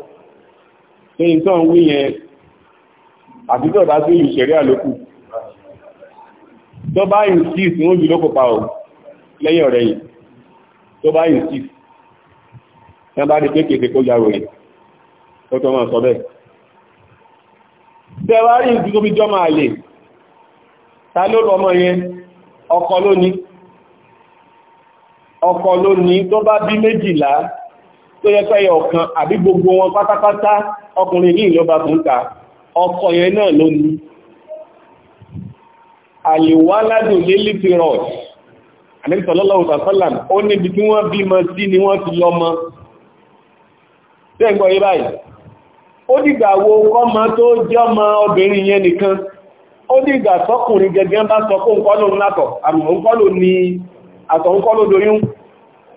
lẹ́yìn tán sí ìṣẹ̀rí àlòkù tó bá insist ní ojú lókò pa ọ̀ lẹ́yìn ọ̀rẹ́ yìí tó bá insist tán bá di pé kèsè kó yàrò rẹ̀ tó tó máa sọ bẹ́ẹ̀ tẹwàárí ìdí tó fi jọ máa lè ta ló lọ ọmọ yẹn ọkọ ló ní ọkọ ló ní tó bá bí méjìlá tó yẹ pẹ́yẹ ọ̀kan àbí gbogbo wọn pátápátá ọkùnrin ní ìlọ́ba tó ń ta ọkọ yẹn náà ló àlèwáládò lélé ti rọ̀ àníbìsọ̀lọ́lọ́wọ́ sàfẹ́làm ó níbi tí wọ́n bímọ sí ni wọ́n ti lọ́mọ tẹ́gbọ́ yí báyìí ó dìgbà wo kọ́mọ tó jọmọ obìnrin yẹn nìkan ó dìgbà sọ́kùnrin gẹ́gẹ́ bá sọ kó ńkọ́lò látọ̀ àmọ́ ńkọ́lò ní àtọ̀ ńkọ́lò doyún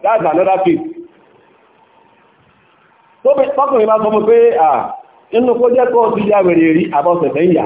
that's another piece tọ́kùnrin bá sọ mọ́ pé à nínú kó jẹ́ kó ti yá wèrè rí àbọ̀sẹ̀fẹ́ ìyà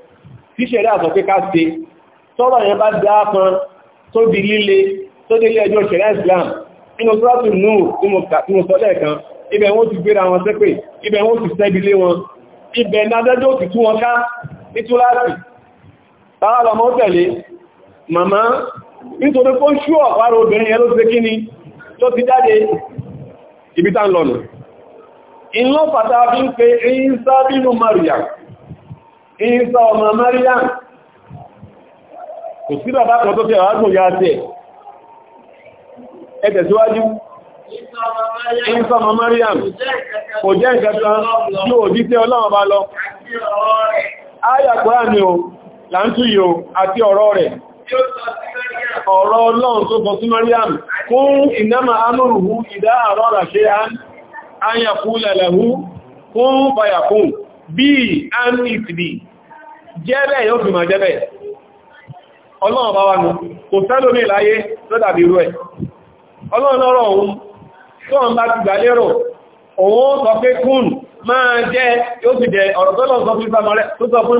tí ṣẹ̀rẹ́ àsọ pé ká ṣe tọ́rọ̀ yẹn bá dá kan tó di líle tó délé ẹjọ́ ṣẹ̀rẹ́ Islam nínú sọ́tù nù tí mo sọ lẹ́ẹ̀kan ibẹ̀ wọ́n ti gbéra wọn sẹ́pẹ̀ ibẹ̀ wọ́n ti sẹ́bilé wọn ibẹ̀ nádájọ́ ti tú wọn ká nítúláàsì tàà lọmọ tẹ̀lé màmá nítorí kó ṣú ọ̀pára obìnrin yẹn ló ti kí ni ló ti jáde ibi tá ń lọ́nà in lọ́pàá tàà fi ń pe ẹ̀yìn sábínú Maria ìsọ ọmọ maria kò sí bàbá kan tó fi àwágbò ya sí ẹ̀ ẹ̀tẹ̀síwájú ìsọ ọmọ maria kò jẹ́ ìkẹta tí ò jí sí ọlọ́run bá lọ ayàkùrá ni o láńtú àti ọ̀rọ̀ rẹ̀ ọ̀rọ̀ ọlọ́run tó sọ sí maria fún ìnáma amúrùhú ìdá ràṣẹ́ ayàkú lẹ̀lẹ̀hú fún fàyàkún bíi i jẹ́bẹ̀ yóò fi mọ̀ jẹ́bẹ̀ ọlọ́run bá wà nù kò sẹ́lómi láyé lọ́dàbí irú ẹ̀ ọlọ́run lọ́rọ̀ òun tọ́run bá ti gbà lérò òun sọ pé kún máa jẹ́ yóò jẹ ọ̀rọ̀ tó sọ fún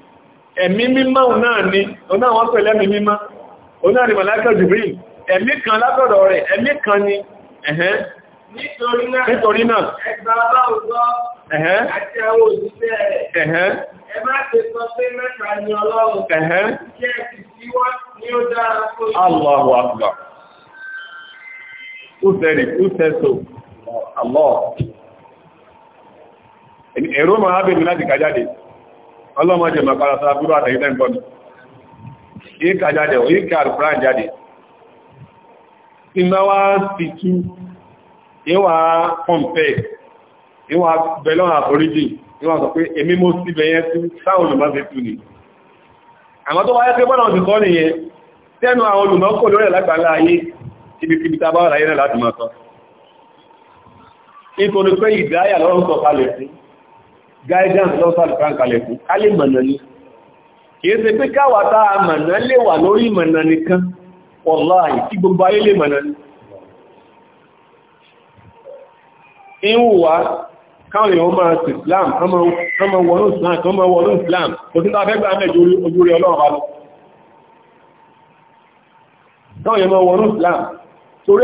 ẹ̀mí mímọ́ náà ni ọ̀nà àwọn pẹ̀lẹ́ mi mímọ́ ọ̀nà ni màláíkà Jibril ẹ̀mí kan látọ̀dọ̀ rẹ̀ ẹ̀mí kan ni ẹ̀hẹ́n nítorí náà ẹgbà bá ọgbọ́ àti àwọn òṣìṣẹ́ rẹ̀ ẹ má ṣe sọ pé mẹ́ta ni Ọlọ́run kí ẹ sì sí wọ́n ní ó dára fún ìlú Allahu Akbar who said it who ọlọ́mọdé mọ̀pára sára búrú àtẹ̀yìn tẹ́gbọ́n ìkà jáde ò ìkà alùpùrán jáde tí ma wá sí tú ìwà pọ̀mpẹ́ ìwà bẹ̀lọ́n àforíjì ìwà sọ pé èmi mo sí bẹ̀yẹn tú sáwọn olùmọ́sẹ̀ tú ni àmọ́ tó wáyé pé bọ́nà ti sọ nìyẹn tẹ́nu àwọn olùmọ́ kò lórí lágbàlá ayé ibikíbi tá bá guidance lọ́sàlù kàǹkàlẹ̀ fún kálé mọ̀nà ní kìí ṣe pé káwàtá mọ̀nà lè wà lórí mọ̀nà nìkan wọ̀láì tí gbogbo ayé lè mọ̀nà ní ìwúwá káwọn èèyàn máa sí Islam kọmọ wọnú Islam kọmọ wọnú Islam kò sí tàbẹ́ gbà mẹ́jọ ojú rẹ̀ ọlọ́run káwọn èèyàn máa wọnú Islam torí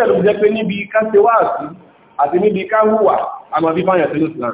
àti níbi ká hùwà àmàbí fáyàn sínú Islam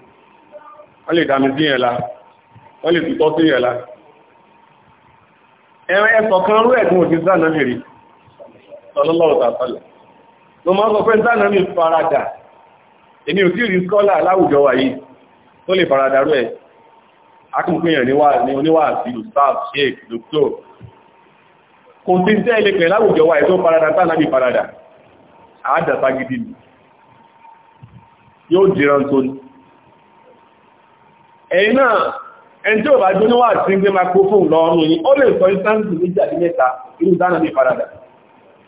wọ́n lè dàmì sí ẹ̀lá wọ́n lè tutọ́ sí ẹ̀lá ẹ̀rẹ́ ẹ̀sọ̀kan rú ẹ̀dùn òtí sáà náà rí sọlọ́lọ́rọ̀ tàbálẹ̀ ló máa sọ pé sáà náà mi farada èmi ò tí rí skọ́là láwùjọ wà yìí tó lè farada rú ẹ̀ akùnkùnyàn ní oníwà àti ustaz sheik doctor kò tí tẹ́ ilé pẹ̀ láwùjọ wà ètò farada sáà náà mi farada àádàsá gidi yóò jìran tó ní ẹ̀yìn naa, ẹn tí ò bá jó níwà tí ń gbé microphone yìí ó lè sọ instanti méjì àti mẹ́ta irú dáná ní ìfaradà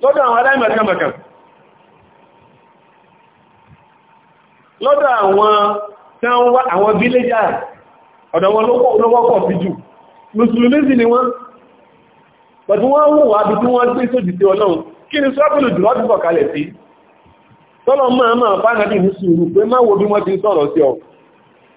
lọ́dọ̀ àwọn aláìmọ̀kẹ́mọ̀kẹ́ lọ́dọ̀ àwọn tí wọ́n wá àwọn ọ̀dọ̀ wọn ni ni sọ́pìlù jùlọ ti fọ̀kalẹ̀ sí tọ́lọ máa máa fánàbí ní sùúrù pé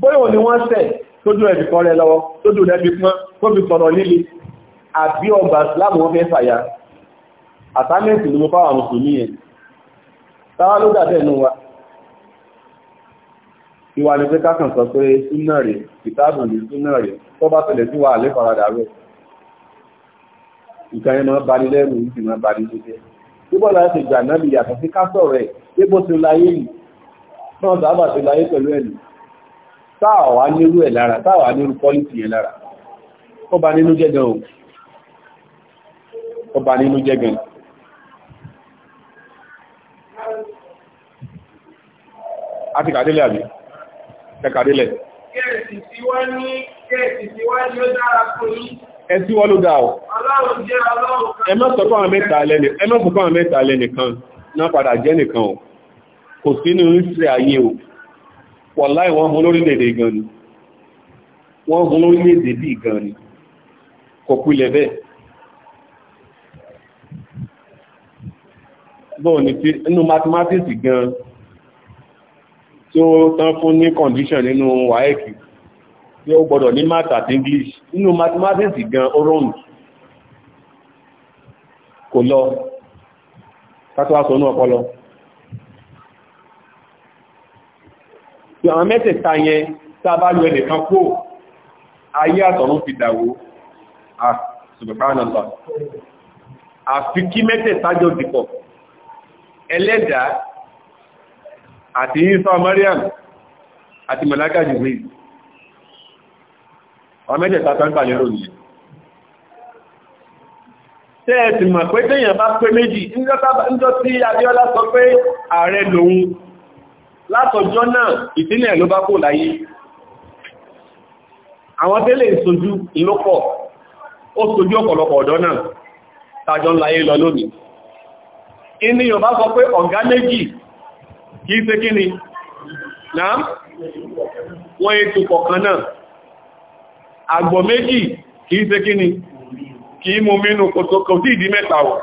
bóyọ̀ ni wọ́n sẹ̀ tójú ẹ̀bì kan rẹ lọ́wọ́ tójú ẹ̀bì pọ́n tó fi sọ̀rọ̀ líle àbí ọgbà islam wọ́n fẹ́ fàyà àtàmẹ́sì ni mo fáwà mùsùlùmí yẹn táwa ló dà bẹ́ẹ̀ nù wa ìwà ni pé kákan sọ pé súnà rẹ̀ ìtàbùn ní súnà rẹ̀ tó bá tẹ̀lẹ̀ sí wa àlẹ́ faradà rẹ̀ nǹkan yẹn máa bani lẹ́rù ìdì máa bani jíjẹ́ bíbọ̀ láti ṣe gbà náà bí yàtọ̀ sí ká sọ̀rọ̀ ẹ̀ pé bó ti láyé nì náà sábà ti láyé pẹ̀lú ẹ̀ nì táà wá nírú ẹ̀ lára táà wá nírú quality yẹn lára ó bà nínú jẹ́ gan o ó bà nínú jẹ́ gan àti kàdílẹ̀ àbí kàdílẹ̀ kẹ́ẹ̀sì wọ́n ní kẹ́ẹ̀sì tí ní ẹ̀sí wọ́n ló dá o. ẹmọ́sọ̀kọ́ àwọn mẹ́ta lẹ́nìkan náà padà jẹ́ nìkan o wàláì wọ́n hun lórílẹ̀-èdè gan ni wọ́n hun lórílẹ̀-èdè bí gan ni kò kulẹ̀ bẹ́ẹ̀ bọ́ọ̀ ni tí inú mathematics gan tí ó tán fún ní condition nínú waec tí ó gbọ́dọ̀ ní math àti english inú mathematics gan ó rọrùn kò lọ kátó wá sọ inú tí àwọn mẹ́tẹ̀ẹ̀ta yẹn sábà lọ ẹnìkan kó ayé àtọ̀run fi dàwó subhanallah àfi kí mẹ́tẹ̀ẹ̀ta jọ dìpọ̀ ẹlẹ́dàá àti isa mariam àti malaka jibril àwọn mẹ́tẹ̀ẹ̀ta tó ń gbà lérò nìyẹn tẹ́ẹ̀tì mọ̀ pé tẹ́yàn bá pé méjì níjọ́ tí Abíọ́lá sọ pé ààrẹ lòun látọjọ́ náà ìtínlẹ̀ ló bá kò láyé àwọn tẹ́lẹ̀ ìsojú ìlọ́pọ̀ ó sojú ọ̀pọ̀lọpọ̀ ọ̀dọ́ náà tàjọ láyé lọ lónìí inú yóò bá sọ pé ọ̀gá méjì kìí ṣe kí ni náà wọ́n ètò kọ̀kan náà àgbọ̀ méjì kìí ṣe kí ni kìí mú mínú kò ìdí mẹ́ta wọ̀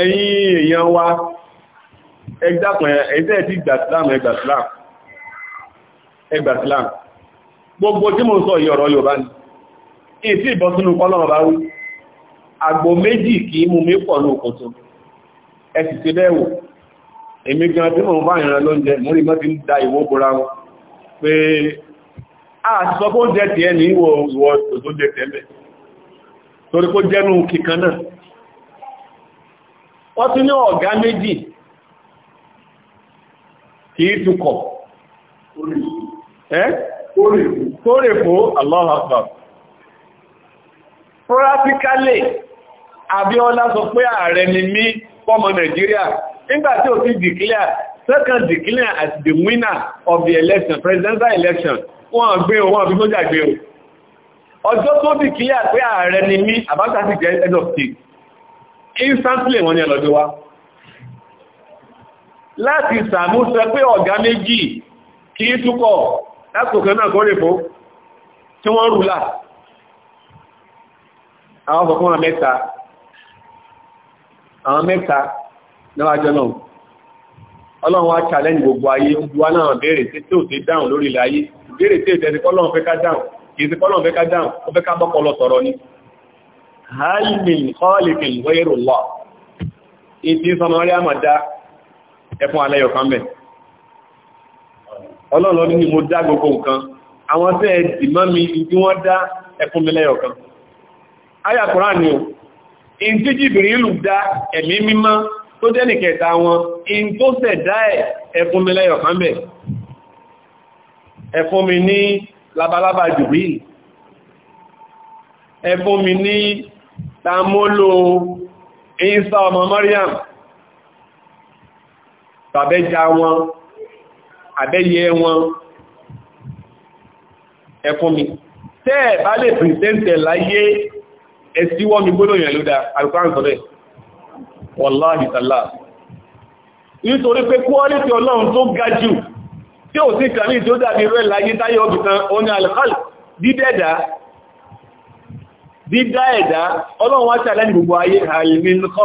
ẹ̀yin èèyàn wa ẹgbàpọ̀ ẹ̀ẹ́sẹ̀ ti gbàsílámù ẹgbàsílámù gbogbo tí mo sọ yìí ọ̀rọ̀ bá wú àgbò méjì mú mi pọ̀ ní òkòtò ẹ ti bẹ́ẹ̀wò èmi gan tí mo ń da ìwó wọn pé a sọ jẹ́ ní ìwọ̀ ìwọ̀ tó jẹ́ tẹ́lẹ̀ torí kó kìkan náà wọ́n ní ọ̀gá kìí tukọ̀ ẹ́ kórè fó Allahu Akbar practically Abíọ́lá sọ pé ààrẹ ni mí fọ́mọ Nàìjíríà nígbàtí ò ti declare second declare as the winner of the election presidential election wọ́n gbé o wọ́n fi mọ́jà gbé o ọjọ́ tó declare pé ààrẹ ni mí àbátà end of state instantly wọ́n ni ẹlọ́dọ́ wa láti sàmúsẹ pé ọ̀gá méjì kì í túkọ̀ látòkẹ́ náà kọ́ rèpo tí wọ́n rúlà àwọn ọkùnrin mẹ́ta àwọn mẹ́ta níwájọ́ náà ọlọ́run wá challenge gbogbo ayé gbogbo náà béèrè tí tí ò ti dáhùn lórí ilẹ̀ ayé béèrè tí ìtẹ́sí kọ́lọ́run fẹ́ ká dáhùn kìí ẹfún alẹ́yọ̀ kan bẹ̀ ọlọ́run ní mo dá gbogbo nǹkan àwọn tẹ́ ẹ dì mọ́ mi tí wọ́n dá ẹfún mi lẹ́yọ̀ kan àyà ni o in tí Jìbìrìlù dá ẹ̀mí mímọ́ tó jẹ́ nìkẹta wọn in tó sẹ̀ dá ẹ̀ ẹfún mi lẹ́yọ̀ kan bẹ̀ ẹfún mi ní labalábá Jìbìrìlù ẹfún mi ní tamolo Isa ọmọ Mariam tàbẹ́já wọn àbẹ́yẹ wọn ẹkún mi tẹ́ ẹ̀ bá lè pìrìsẹ́ntẹ̀ láyé ẹ̀síwọ́ mi gbóná ìyàn ló dá alùpàá sọ́rẹ̀ wọ́láhì tàlá nítorí pé kúọ́lẹ́tì ọlọ́run tó ga jù tí ò sí kàní tó dàbí rẹ̀ láyé táyé ọdún kan oní alùpàá dídẹ́dà dídá ẹ̀dá ọlọ́run wá tàlẹ́ gbogbo ayé àìmìnkọ́